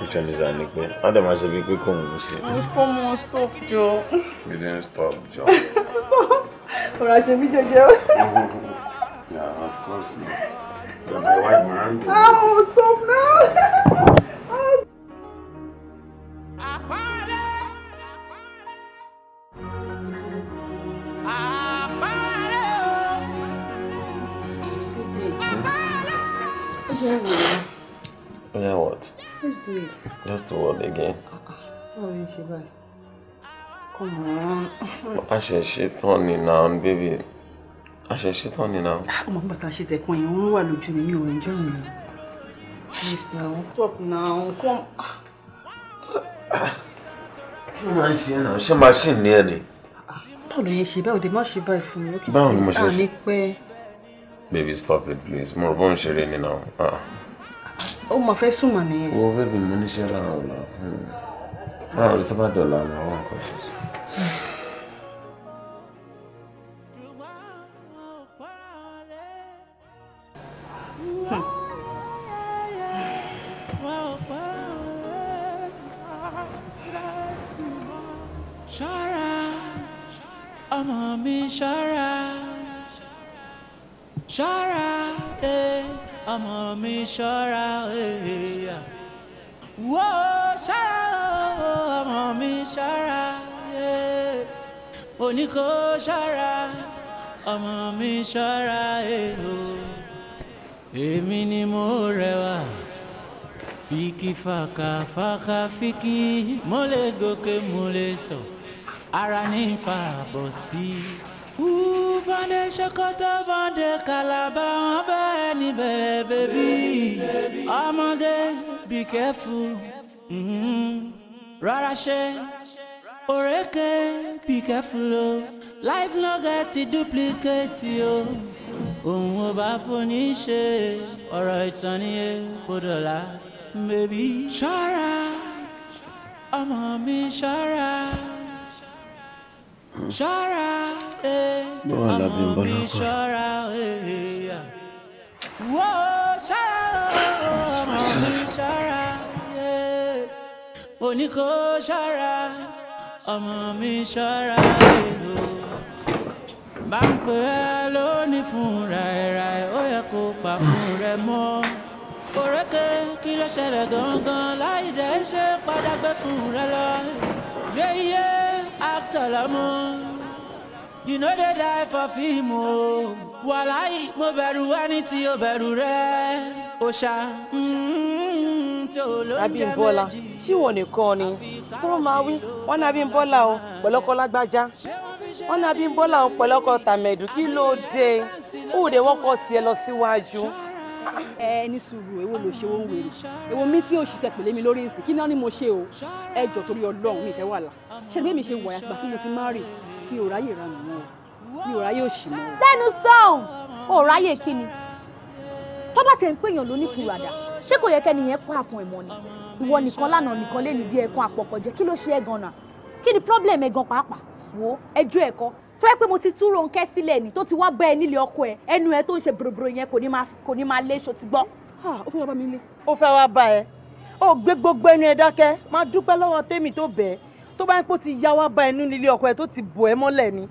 Which one is that, Nick? Adam has a big quick home. Come on, stop, Joe. You didn't stop, Joe. stop. Or I should be Joe. Yeah, of course not. You're my white man. Oh, stop now. Please do it. Just ah, ah. what again? Báwo ni ṣe báyìí? Come on. I should ṣe on you now, baby. I should ṣe on you now. Oh Ọmọ bàtà ṣe tẹ̀kún yẹn, òun wà lójú mi, mi me rìn enjoy me? Please now, stop now, come. Kí ló máa ń ṣe náà? Ṣé machine ni ẹ ni? Báwo ni ṣe báyìí? Òde má ṣe báyìí fún mi. Báwo ni mo ṣe ṣe? Àní pẹ́. Baby stop it please. Mo rò bó ń ṣeré ni now. Uh -uh ó mọ̀ fẹ́ sùn mọ̀ nìyẹn. wo bébì mi níṣẹ́ láàrọ̀ lọ hmm. láàrọ̀ tó bá dọ̀la ni àwọn nǹkan ṣe sí. àfáàkà fíkì mo lè gòkè mo lè sọ ara ní fa bọ̀ sí i. bọ́ndé ṣòkòtò bọ́ndé kàlàbà wọn bẹ́ẹ̀ níbẹ̀ ọmọdé be careful rárá ṣe òrékè be careful o oh. life no get duplicate o òun ò bá foni ṣe ọ̀rọ̀ ìtàn ni èkó e, dọ̀la bèbí ṣọ́ra ọmọ mi ṣọ́ra ṣọ́ra ọmọ mi ṣọ́ra wọ́ ṣọ́ra ọmọ mi ṣọ́ra oníkó ṣọ́ra Shara, mi ṣọ́ra bá ń pè é lónìí fún ràìràì ó yẹ kó pa fún rẹ mọ́ òrékè kí ló ṣẹlẹ̀ gangan láì dẹ́ ṣe padà gbé fún rẹ lọ. yeye actor lọ́mọ you no dey die for film o wàláì mo bẹ̀rù ẹni tí o bẹ̀rù rẹ òṣà tó ló ń jẹ́ méjì. ṣé ìwọ nìkan ni tó máa wí wọn ní Abímbọ́lá o pẹ̀lọ́kọ́ lágbájá wọn ní Abímbọ́lá o pẹ̀lọ́kọ́ tàmẹ̀dù kí ló dé ó dé wọ́n kọ́ tiẹ̀ lọ síwájú. Si ẹ ní sùúrù èwo ló ṣe wọn wèrè èwo mi tí òṣì tẹ pèlè mi lórí ìsìn kí náà ni mo ṣe o ẹ jọ torí Ọlọ́run mi ìfẹ́ wà là ṣe bí mi ṣe wà yàtọ̀ tí mo ti má rì mi ò ráyè ra mi mọ́ mi ò ráyè òṣì mọ́. lẹ́nu sọ́ọ̀n ò ráyè kí ni tó bá tẹ̀ ń pèèyàn ló ní fùràdà ṣé kò yẹ kẹ́ni yẹn kọ́ àfọ̀n ẹ̀mọ́ ni ìwọ nìkan lánàá nìkan lé ní bí ẹ̀kan àpọ̀kọ̀jẹ́ kí ló ṣe ẹ̀ gan kí ni problem ẹ̀ gan pàápàá wo ẹjọ́ ẹ̀kọ́ tó yẹ pé mo ti tú Rónkẹ́ sílẹ̀ ni tó ti wá bá ẹ nílé ọkọ ẹ ẹnu ẹ tó ń ṣe bòròbòrò yẹn kò ní máa lé ṣo ti gbọ́. ó fẹ́ wá bá mi lé. ó fẹ́ wá bá ẹ ó gbé gbogbo ẹnu ẹ dákẹ́ máa dúpẹ́ lọ́wọ́ tèmi tó bẹ̀ẹ́ tó bá ń pò ti yá wá bá ẹnu nílé ọkọ ẹ tó ti bò ẹ mọ́lẹ̀ ni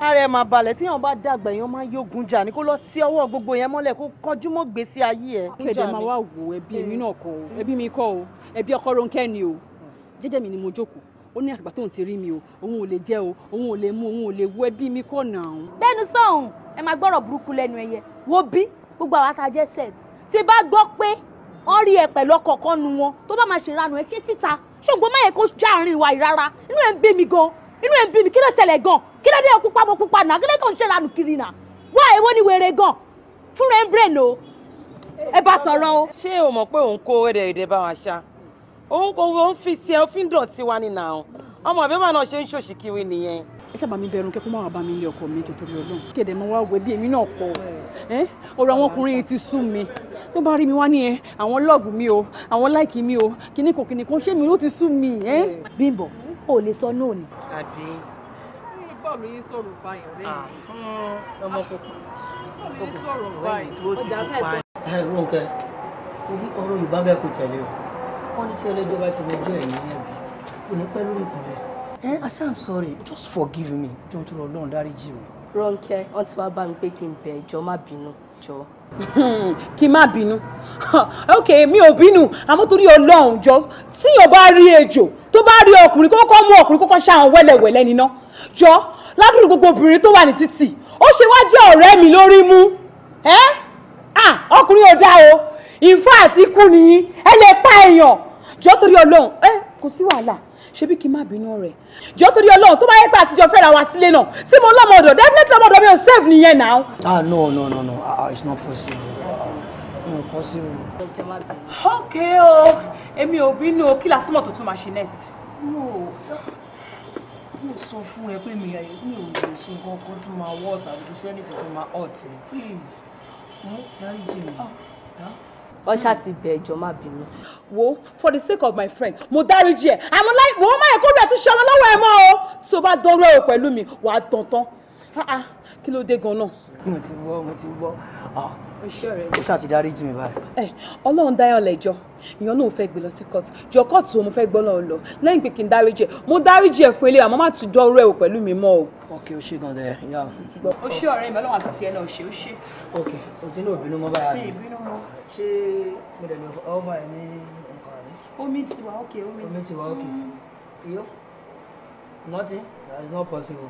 ara ẹ máa balẹ̀ tí yàn bá dàgbà yàn máa yógun jà ní kó lọ tí ọwọ́ gbogbo yẹn mọ́lẹ̀ kó kọjú mọ́ gbèsè ayé ẹ. kẹ̀dẹ̀ máa wá wo ẹbí èmi náà kọ́ ẹbí mi kọ́ ẹbí ọkọ Rónkẹ́ ni o jẹ́jẹ́ mi ni mo jókòó ó ní àtìgbà tóun ti rí mi o òun ò lè jẹ o òun ò lè mu òun ò lè wọ ẹbí mi kọ̀ nà bẹ́ẹ̀ni sọ̀hún ẹ máa gbọ́rọ̀ burúkú lẹ́nu ẹyẹ wo bí gbogbo àwọn àtàjẹ́ set tí bá gbọ́ pé wọ́n rí ẹ pẹ̀lú ọkọ̀ kan nu wọn tó bá máa ṣèrànù ẹ ké síta ṣùgbọ́n má yẹ kó já àárín ìwà ìrara inú ẹ̀ ń bí mi gan inú ẹ̀ ń bí mi kí ló ṣẹlẹ̀ gan kí ló dé òpupa mo pupa nà kí ló kàn ń ṣèrànù kiri nà wá èwo ni wèrè gan fúnra ẹ̀ ń brèn o ẹ bá sọ̀rọ̀ o. ṣé o mọ̀ pé òun kó èdè èdè wọn ṣá òun fi tiẹ̀ òfin dọ̀tí wa ni nàá ọmọ àbí màá náà ṣe ń ṣòṣì kiri nìyẹn. ẹ ṣábà mi bẹ̀rù kẹ́kọ̀ọ́ máa bá mi ilé ọkọ mi nítorí ọlọ́run kéde mo wá wẹ̀ bí èmi náà pọ̀ ọ̀rọ̀ àwọn ọkùnrin yìí ti sú mi tó bá rí mi wá ní ẹ àwọn lọ́ọ̀bù mi o àwọn láìkì mi o kìnnìkan kìnnìkan ṣé mi ó ti sú mi. Bímbọ́ o ò lè sọ náà ni. àbí bọ́ọ̀lù yín sọ̀rọ̀ báyìí ọ̀rẹ́ ah, yìí. ọmọ kòkó bọ́ọ̀lù yín sọ̀rọ̀ báyìí ọjà fẹ́ẹ̀ tó. ẹ Rónkẹ́ ọ̀rọ̀ Yorùbá bẹ́ẹ̀ kò tẹ̀lé o wọ́n ní tí i'm sorry just forgive me Don't roll Ọlọ́run that mi. Rónkẹ́ wọ́n ti wá bá mi pay kí n bẹ̀ ẹjọ́ binu, bínú jọ̀ọ́. kí binu. má bínú ok mi ò bínú your torí Ọlọ́run jọ tíyàn bá rí ejò tó bá kuri. ọkùnrin kọ́kọ́ mú ọkùnrin kọ́kọ́ ṣàwọn wẹ́lẹ̀wẹ́lẹ̀ níná jọ ládùúgbò gbogbo obìnrin tó wà ní títì ó ṣe wá jẹ́ ọ̀rẹ́ mi lórí mú ẹ́ ọkùnrin ò dá o in fact ikú nìyí ẹ lè pa èèyàn jọ́ torí ọlọ́run ẹ kò sí wàhálà ṣebí kí n má bínú rẹ̀ jọ́ torí ọlọ́run tó bá yẹ pé àtijọ́ fẹ́ra wa sílé náà tí mo lọ́mọ ọ̀dọ̀ definitely ọmọ ọ̀dọ̀ mi ò save nìyẹn náà. ah no no no no ah, ah it's not possible ah, no possible. ok o èmi ò bínú o kí lásìmọ̀ tó tún máa ṣe next. no mo sọ fún ẹ pé mi ò lè ṣe nǹkan kan tó máa wọ́ọ̀sì àbí ṣẹ́ni tó máa ọ̀tí please mo wọ́n ṣáà ti bẹ̀ ẹjọ́ má bínú. wo for the sake of my friend mo dáríjì ẹ àmọ́ láì wò ó má yẹ kó rẹ̀ tún ṣe ọmọ lọ́wọ́ ẹ mọ́ o tí o bá dọ́rọ́ ẹ pẹ̀lú mi wà á tàn tán kí ló dé gan-an. mo ti wọ mo ti wọ ah, ó ṣáà ti dárí jì mí báyìí. ẹ eh, ọlọ́run dáyọ̀ lẹ́jọ́ ìyẹn náà fẹ́ gbé lọ sí court jọ court wo mo fẹ́ gbọ́ lọ́run lọ lẹ́yìn pé kí n dáríjì ẹ̀ mo dáríjì ẹ̀ fún ilé àmọ́ má tún dọ́rọ́ ẹ̀ pẹ̀lú mi mọ́ o. ok o ṣe gan dẹ ya. o ṣe ọ̀rẹ́ mi ọlọ́run àtúntì ẹ̀ náà ṣe o ṣe. ok o ti ní òbínú mọ́ báyà mi ṣé mo dẹ̀ lọ ọmọ ẹ̀ ní nǹkan rẹ̀. omi ti wà ok omi. ti wà ok. Mm. iyo nothing that is not possible.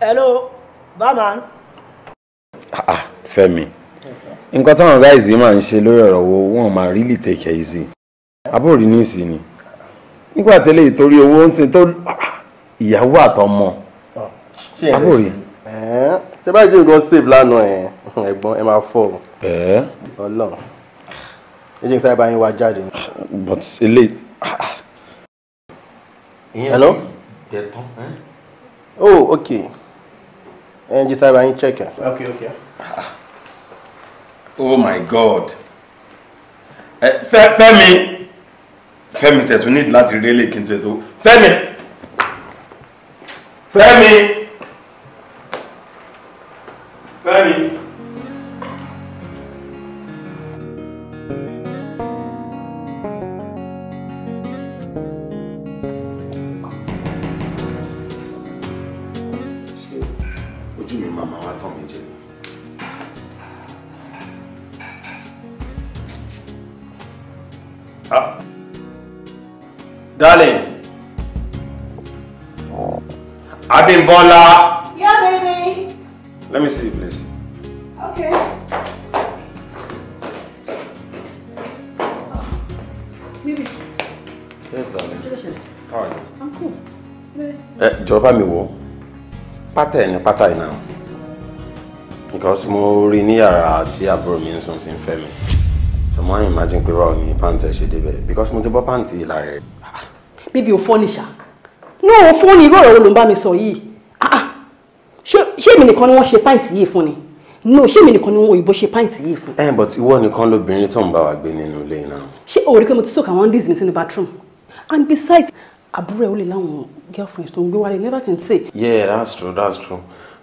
hello barman. Fẹ́mi nǹkan táwọn guys yìí máa ń ṣe lórí ọ̀rọ̀ owó wọn máa really take it easy àbórí ní ìsìn ni nígbà tẹ́lẹ̀ ìtorí owó ń sin tó ah, ìyàwó àtọmọ àbórí. ṣé báyìí tí nǹkan save lánàá ẹ ẹ̀gbọ́n ẹ máa fọ ọ Ọlọ́run ẹ jẹ́ sáyẹ́ bá wá jáde. but eléyìí. Ah, ah. hello. oh okay ẹ jẹ́ sáyẹ́ bá check okay okay oh my god fẹ́mi fẹ́mi tẹ̀tún need láti rí lè kí n tẹ̀tún fẹ́mi fẹ́mi fẹ́mi. pátá ẹ̀ ní pátá yìí because mo rí ní yàrá tí àbúrò mi ń sùn sí ń fẹ́ mi so mo ń imagine pé báwo ni pàǹtí ẹ̀ ṣe débẹ̀ because mo ti bọ́ pàǹtí ìlà rẹ̀. bíbí o fọ́ nìṣá ní òun fún ni irú ọ̀rọ̀ wo ló ń bá mi sọ yìí ah, ah. ṣé èmi nìkan ni wọ́n ṣe pàǹtí yìí fún ni no ṣé èmi nìkan ni wọn òyìnbó ṣe pint yìí fún. ẹ eh, but ìwọ nìkan lobìnrin tó ń bá wa gbé nínú ilé náà. ṣé o rí pé mo ti sọ̀kà wọn dísìmí sínú bathroom and besides àbúrò ẹ̀ ó lè láwọn girlfriends tó ń gbé wálé never can say. yeah that's true that's true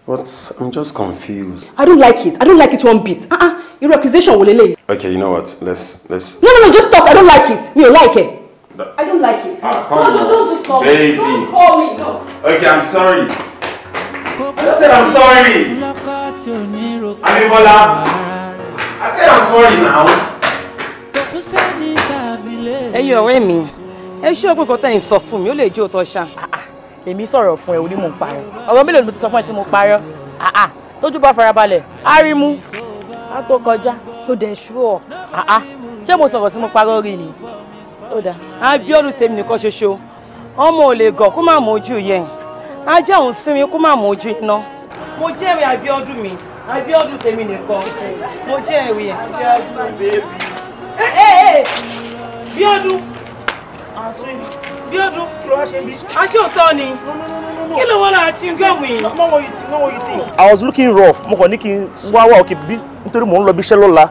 but i'm just confused. i don't like it i don't like it one bit Uh ah, uh. Ah, Your accusation wo lélẹ̀. okay you know what let's let's. no no no just stop! i don't like it mi ò like it? I don't like it. Ah, come no, no, don't just call Baby. me. Don't call me. No. Okay, I'm sorry. I just said I'm sorry. Adébọ́lá. I said I'm sorry now. Ẹ̀yin ọ̀rẹ́ mi ẹ ṣé o pé kò tẹ̀yìn sọ fún mi ó lè jó tọ́ ṣá. Ah, ah, èmi sọ̀rọ̀ fún ẹ o ní mò ń parọ́ ọ̀rọ̀ mélòó ni mo ti sọ fún ẹ tí mo parọ́ ah, tójú bá farabalẹ̀ á rí mú á tó kọjá. so dẹ̀ ṣú ọ. ṣé mo sọ̀rọ̀ tí mo parọ́ rí ni. ó dáa. Abíọ́dún tèmi nìkan ṣoṣo ọmọ ò lè gọ̀ kó má mójú yẹn ajá òun sinmi kó má mójú iná. mo jẹ́rìí Abíọ́dún mi Abíọ́dún tèmi nìkan mo jẹ́rìí Abíọ́dún. Bíọ́dún bí ọdún aṣẹ òótọ́ ni kí ló wọ́n lára tí ń gbẹ̀mù yìí. I was looking rough mo kàn ní kí n wá wá òkè bí nítorí mò ń lọ bí iṣẹ́ lọ́la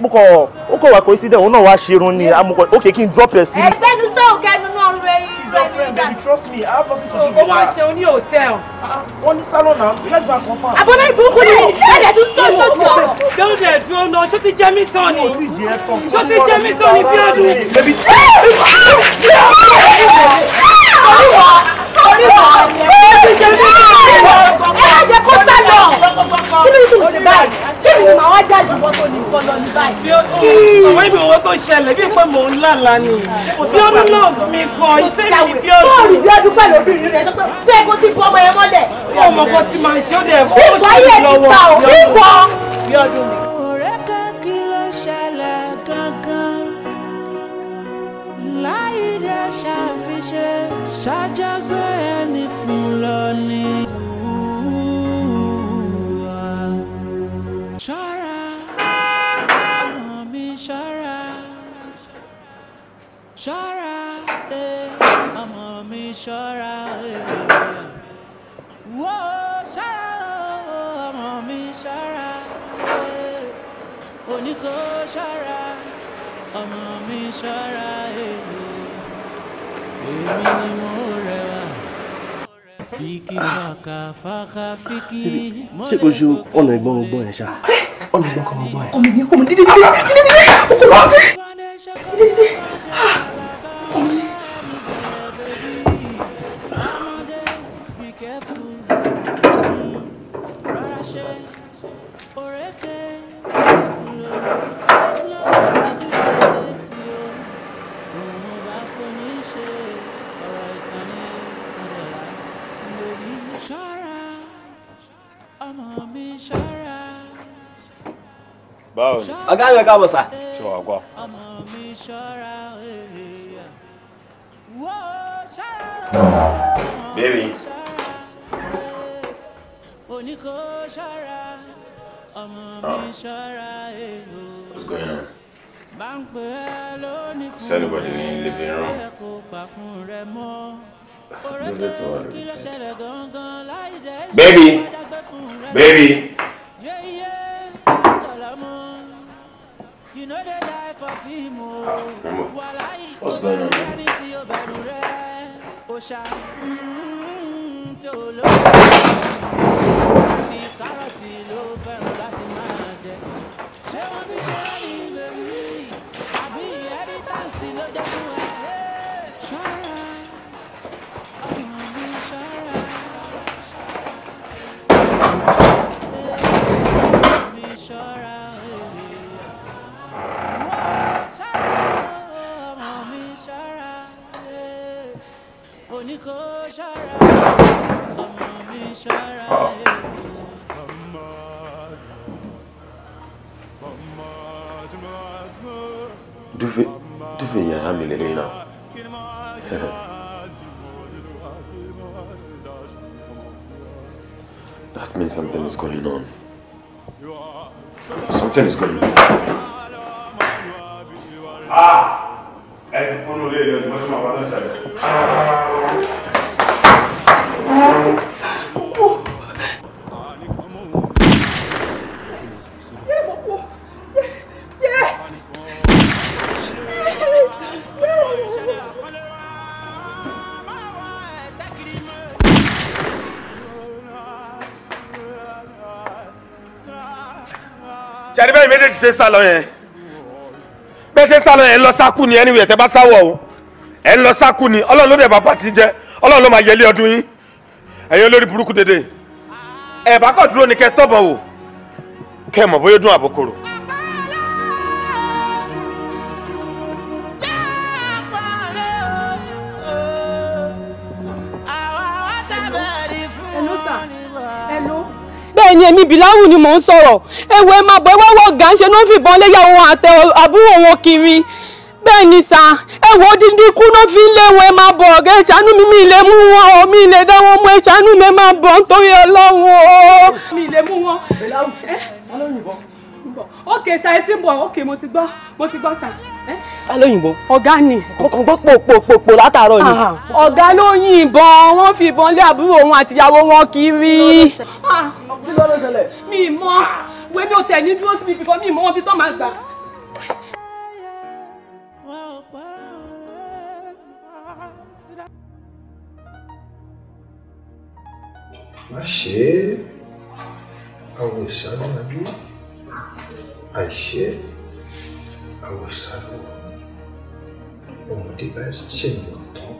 mo kàn ó kàn wá coincidence òun náà wá ṣerun ni amukọ òkè kí n drop ẹ̀ sí. ẹgbẹ́nu sọ̀kẹ́nu wọ́n rẹ irẹ́ ní ìgbà. trust me i have nothing to do with that. owó àṣẹ oní hòtẹ́ẹ̀l. wọ́n ní salon na let's go and confirm. àbọ̀dá ìbùkù ni ẹ̀jẹ̀ tún sọ sóòtù ọ̀rọ̀. don't dey dúró náà ṣó ti jẹ́ mí sọ ni ṣó ti jẹ́ mí sọ ni bí ọdún. oríwọ̀ oríwọ̀ ẹ̀ ẹ̀ jẹ́ kó sá ajá ìdúgbò tó ní kọlọ ní báyìí. ọ̀wé mi owó tó ṣẹlẹ̀ bí pé mò ń lálàá ni bí ó lọ mi kọ ìfẹ́ mi bí ó dùn. bọ́ọ̀lù bí ọdún pẹ̀lú obìnrin rẹ̀ sọ́sọ́ tó ti bọ́ ọmọ mọ́lẹ̀. ó mọ kó ti máa ṣe ó dẹ̀ bọ́ ó ṣe é lọ́wọ́ bí ọdún mi. dá ṣàfiṣe ṣàjọgbé ẹni fún lọ ni. ṣọ́ra ẹ̀ ọmọ mi ṣọ́ra ẹ̀ wò ṣọ́ra ọmọ mi ṣọ́ra ẹ̀ oníkó ṣọ́ra ọmọ mi ṣọ́ra ẹ̀ èmi ni mo rẹwà. Fiki faka faka fiki. Ṣé kò ṣe ọ̀nà ìgbọ́n ọgbọ́n ẹ̀ ṣá? Ọ̀nà ìgbọ́n ọgbọ́n ẹ̀. Ọmọ mi ọmọ dídí dídí dídí ọkọ̀ lọ́tí. Shara, ọmọ mi ṣọ́ra báwo ni. ọ̀gá mi ká bọ̀ sá. ṣé wàá gbọ́. bébì. Oh. What's going on? Is anybody in the living room? Baby! Baby! You know they die for fame o. Wàhálà ìgbẹ́ ẹni tí ó dúfẹ́ dúfẹ́ yàrá mi lè lẹ́yìn náà. That means something is going on. Something is going on. Ah! Ẹ ti kúrò lé ẹ̀rọ ìmọ̀ṣẹ́ àwọn ọ̀dọ́ ìṣẹ̀lẹ̀. ṣe sálọ yẹn bẹ́ẹ̀ ṣe sálọ yẹn ń lọ sákú ni ẹni wíyẹ̀ tẹ́ bá sáwọ̀ o ẹ̀ ń lọ sákú ni ọlọ́run ló dẹ̀ bá bàtí jẹ́ ọlọ́run ló máa yẹlé ọdún yín ẹ̀yin olórí burúkú dédé ẹ̀ bá kọ̀ dúró ni ke tọ́bọ̀ wo. kẹ́ mọ̀ bóyá dún àbòkòrò. bẹ́ẹ̀ ni èmi ni mò ń sọ̀rọ̀ ewé máa bọ̀ ewé wọ̀ gà ń ṣe ló ń fìbọn léyà òun àtẹ àbúrò wọn kiri bẹ́ẹ̀ ni sà ẹ̀wọ̀ dídí kú náà fi ń léwọ̀ ẹ máa bọ̀ ọ̀gá ẹ̀ṣánú mi mi lè mú wọn o mi lè dá wọn mú ẹ̀ṣánú mi máa bọ̀ nítorí ọlọ́run o. mi lè mú wọn. ok sa ẹ ti ń bọ̀ ok mo ti gbọ́ mo ti gbọ́ sa. Eh? ta ló yìnbọn. ọ̀gá ni. mo kàn gbọ́ pòpòpò látàárọ̀ ni. ọ̀gá ló yìnbọn wọ́n fi ìbọn lé àbúrò òun àtìyàwó wọn kiri. kí ló ló ṣẹlẹ̀. Ah. mi mọ wẹ́mí ò tẹ̀ ní dúró síbi fífọ́ mi mọ wọn bí tó máa gbà. má ṣe é àwọn ìṣáájú àbí àìṣe é àwọn ìsàlù ọmọdé bá ṣèyàn tán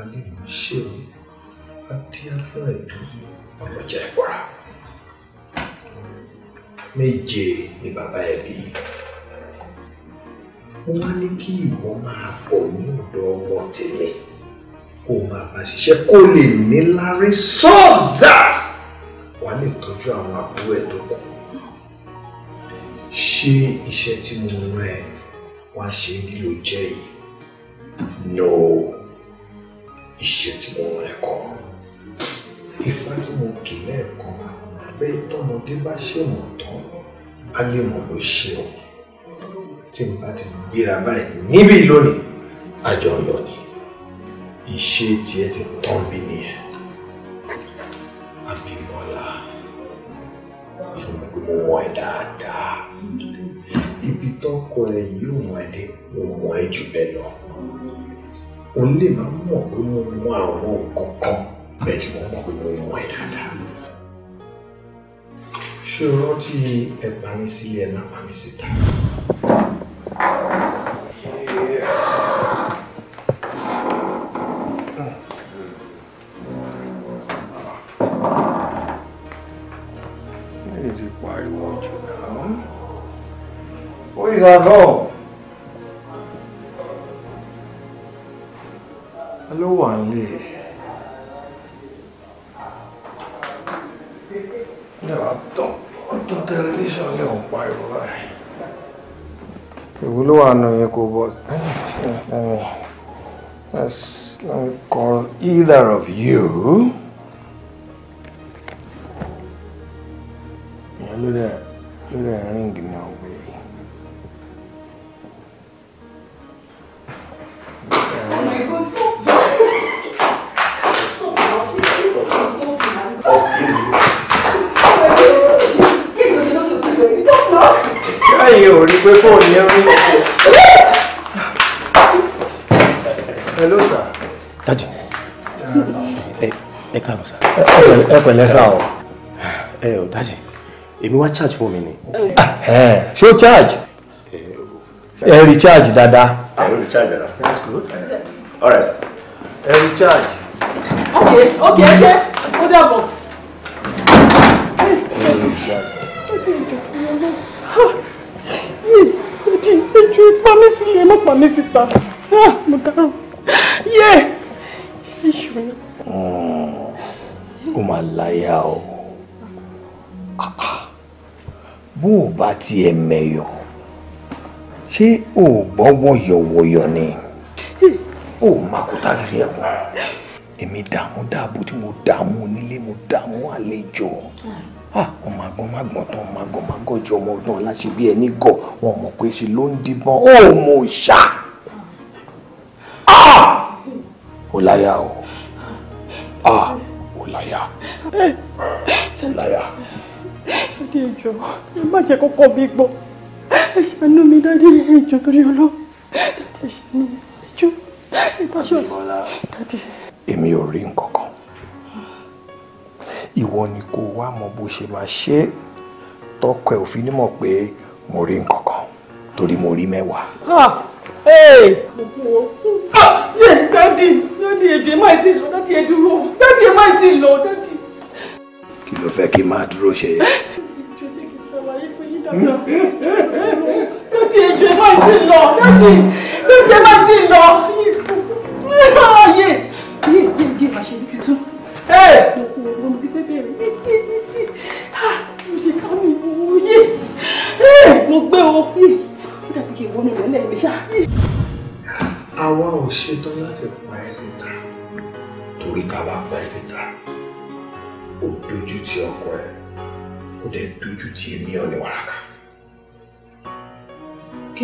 alẹ́mọ̀ ṣéun adíá fún ẹ̀dùn ọlọ́jà ìpọ́ra méje ni bàbá ẹ̀ bí wọ́n wá ní kí ìwọ máa bọ̀ ní ọ̀dọ̀ ọmọ tèmi kó o máa bá ṣiṣẹ́ kó o lè níláárí so that wàá lè tọ́jú àwọn àbúrò ẹ̀ tó kù ṣé iṣẹ́ tí mo rán ẹ wá ṣe bí ló jẹ́ yìí no iṣẹ́ tí mo rán ẹ kọ́ ifá tí mo kì lẹ́ẹ̀kan pé tọmọdé bá ṣèmọ̀ tán á lè mọ̀ ló ṣe ọ tí n bá ti gbéra báyìí níbí lónìí àjọyọ̀ ni iṣẹ́ tiẹ̀ ti tán bí nìyẹn. tọkọ ẹ yóò mọ ẹ dé mo mọ ẹ jù bẹ́ẹ̀ lọ òun lè máa mọ̀ pé mo mọ àwọn nǹkan kan bẹ́ẹ̀ ni mo mọ̀ pé mo mọ ẹ dáadáa ṣé o rántí ẹ pa mí sílé ẹ má pa mí síta. things at all. ló wà nílé ẹ̀. Níwà tán, ó tán tẹlifíṣàn lè ń pa ìwọ báyìí. Ìwúlò wà nù Let me, let's, let me call either of you. Ìyẹn ló dẹ̀ ló dẹ̀ ríǹgì náà wí. gbé fóònù yẹn rú. hello sir. dájú ẹ káàbọ̀ sá. ẹ pẹ̀lẹ́ sá o. ẹ ò dájú èmi wá charge fún mi ni. Ah, ṣé o charge eh, ẹ recharge dáadáa. ẹ eh, recharge dáadáa. that's good. all right sir. ẹ recharge. ok ok ok ó dàbọ̀. pa mí síta ah, mo dáràn yé ṣe ìṣù ni. Hmm, ó máa láyà o ah, ah. bó o bá tiẹ̀ mẹ́yọ̀ ṣé o gbọ́ wọ̀yọ̀wọ̀yọ̀ ni o máa kó tá a fi ẹ̀kọ́ èmi dààmú dáàbò tí mo dààmú onílé mo dààmú àlejò ọmọ àgbọn má gbọ́n tán ọmọ àgbọn má gọ́jọ ọmọ ọdún aláṣẹ bí ẹni gọ̀ wọn mọ̀ pé ṣe ló ń díbọn ó mọ̀ ṣá ah! ó láyà o ah! ó láyà ó láyà. dádì ìjọ ẹ má jẹ́ kọ́kọ́ mi gbọ́ ẹ ṣàánú mi dádì ìjọ torí ọlọ́run dádì ẹ ṣàánú mi ìjọ ìbáṣọ dádì. èmi ò rí nǹkan kan ìwọ ni kó wá mọ bó ṣe máa ṣe é tọkọ ẹ ò fi ní mọ̀ pé mo rí nǹkan kan torí mo rí mẹ́wàá. Ah, ah, dádì dádì èdè máa ti lọ dádì ẹ dúró dádì ẹ máa ti lọ dádì. kí ló fẹ́ kí n máa dúró ṣe yẹn. dádì èdè máa ti lọ dádì èdè máa ti lọ. ayé ayé ayé àṣírí tuntun mo kú mo ti pé bèrè mo ṣe ká mi mo yé mo gbé o ó dàbí kí n wọnú rẹ lẹ́yìn ṣá. àwa ò ṣetán láti ni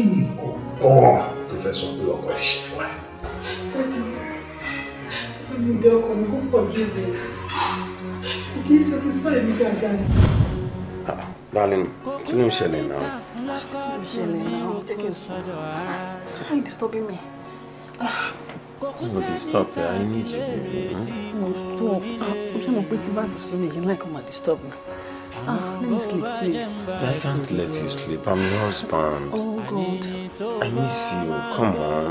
nǹkan gan-an tó fẹ́ sọ pé ọkọ ẹ ṣe fún ẹ. ó dì mí èmi bẹ ọkọ mi kó pọ̀ jù rẹ̀ kò kí n satisfy mi dáadáa ni. Ah, darling, kí ló ń ṣẹlẹ̀ náà? Kí ló ń ṣẹlẹ̀ náà? Jẹ́ kí n sọ. Why you disturbing me? No, disturb me. I need you. No, stop. Mo ṣe mọ̀ pé tí bá ti sún you like ma disturb me. Ah, let me sleep, please. I can't let you sleep. I'm your husband. Oh, God. I miss you. Come on.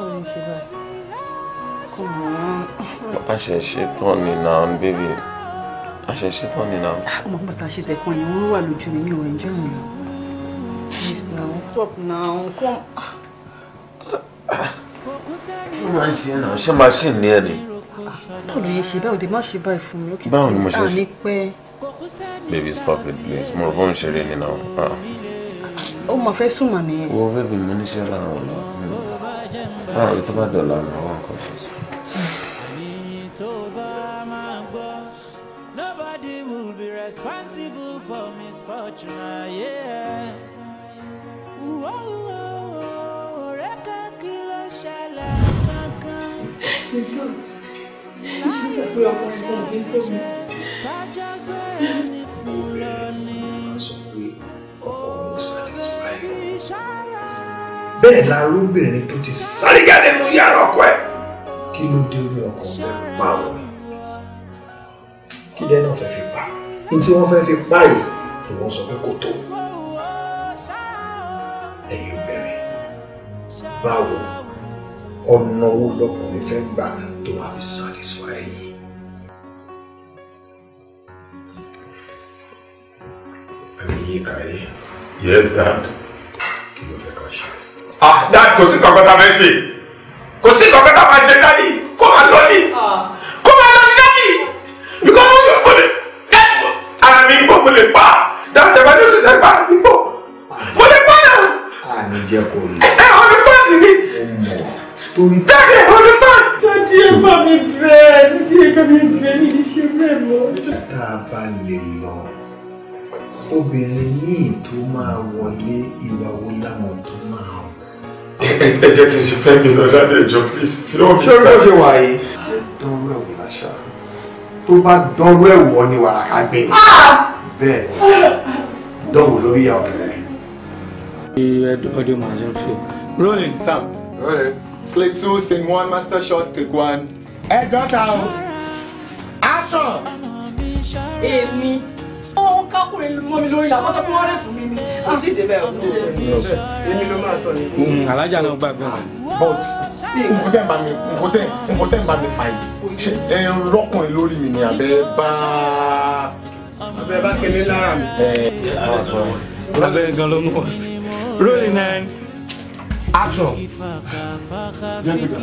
báwo ni ṣe báyìí. kò mọ̀ ọ́n. a ṣe ṣetán ni na ń bèbè a ni na. ọmọ bàtà ṣe tẹ̀kọ́ yẹn wọ́n wà lójú mi ní ọ̀rẹ́ ìjọ mi. please now come. kí ló ń ṣe náà ṣé máa ṣì ní ẹ ni. báwo ni mo ṣe báyìí òde má ṣe báyìí fún mi. báwo ni mo ṣe ṣe. baby stop it please mo rò bó ń ṣeré ni náà. Ah. ó máa fẹ́ sùn màmí. wo bébì mi níṣẹ́ láwọn ọ̀la báwo tó bá dọ̀la ni àwọn nǹkan ṣe sọ. responsible for misfortune, yeah. Whoa, Reka Kilo Shala Kankan. In fact, you should have put up my phone, didn't tell me. Saja Gani bẹ́ẹ̀ la arúgbìnrin tó ti sáré jáde nínú yàrá ọkọ ẹ̀ kí ló dé orí ọkọ fẹ́ pa wọn kí dẹ́nà fẹ́ fi pa ní tí wọ́n fẹ́ fi pa yìí ni wọ́n sọ pé kò tó ẹ̀yin obìnrin báwo ọ̀nà owó lọkùnrin fẹ́ gbà tó máa fi satisfy ẹ̀yin. Yes, Dad ah dad kò sí kankan tá a fẹ́ ṣe kò sí kankan tá a fẹ́ ṣe dadi kó máa lọ ní ah. kó máa lọ ní dadi because ó yọ mo lè dadi ara mi gbọ́ mo lè pa dadi ẹ̀ bá ní oṣù sẹ́yìn pa mi gbọ́ mo lè pa náà. a ní jẹ́ kó lè. ẹ understand mi. dadi ẹ understand. dadi ẹ bá mi bẹ́ẹ̀ dadi ẹ bá mi bẹ́ẹ̀ mi ní ṣe bẹ́ẹ̀ mọ́. tá a bá lè lọ obìnrin míì tó máa wọlé ìwà wo láwọn tó ẹ jẹ́ kí n ṣe fẹ́ mi lọ́dá ní ìjọ please fi lọ́wọ́ ṣe wà yìí. dánwó ẹ̀wò láṣà tó bá dánwó ẹ̀wò ni wàrà ká gbé ni. Ah! bẹ́ẹ̀ dánwó lórí ìyá ọ̀kẹ́rẹ́. ọdún máa ṣe ń rolling sam. rolling. slate two scene one master shot take one. ẹ dọ́ta o. action. èmi kákùnrin mọ́ mi lórí làwọn sọ pé wọ́n mi ni. a sì débẹ̀ èmi ló máa sọ ni. Hmm, alájà náà gbà but nǹkan tẹ́ ń bá mi nǹkan tẹ́ nǹkan tẹ́ ń bá mi fà yìí ṣe ẹ rọ́kùnrin lórí mi ni abẹ́ bá. abẹ́ bá kele lára mi. abẹ́ gan ló mú wọ́ọ̀sì. rolling nine action. jessica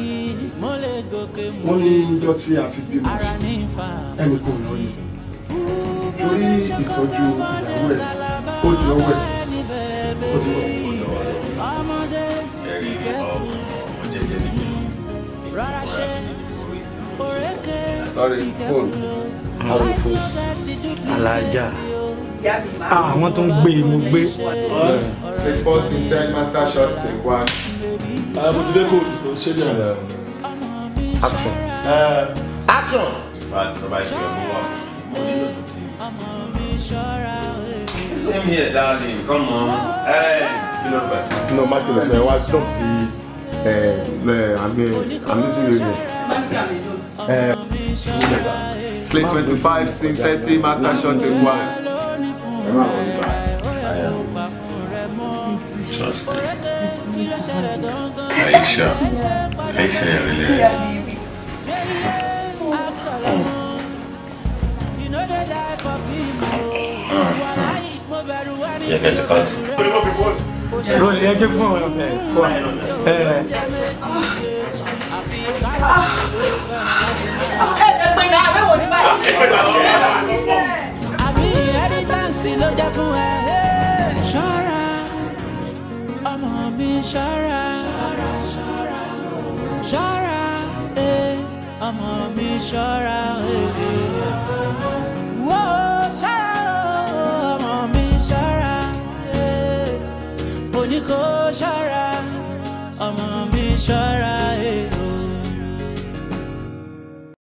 wọ́n ní dọ́tí àti bímọ ẹnì kò lóyún torí ìtọ́jú ìyàwó ẹ̀ ó di ọwọ́ ẹ̀ ó sì wọ́n tó lọ́wọ́ lọ́wọ́ ṣe rí ọmọ jẹ́jẹ́ níbi ìfúra orí ti alájà ah, àwọn tó ń gbé mo gbé. ṣe four syntax master shot take one. Ah, mo ti dé kó o ṣe ní àná. action. Eh, action. ìfà àti ìṣẹ̀lẹ̀ mú wà Same here, darling. Come on. Hey, you know what? No, Martin, ẹ wá stop sí ẹ ẹ àmísí rẹ̀. Slay twenty five, scene thirty, master shot take one. Ẹ máa wọlé bá. Trust me. Aisha, Aisha, you're really. yẹ fẹ́ ti kọ́ọ̀tì. bro ẹ jẹ́ fún ọ ẹ fún ọ ẹ. ẹ ẹ pé náà abẹ́wò ní báyìí. àbí ẹni táǹsì ló jẹ́ fún ẹ. ṣọ́ra ọmọ mi ṣọ́ra ṣọ́ra ọmọ mi ṣọ́ra. 多下。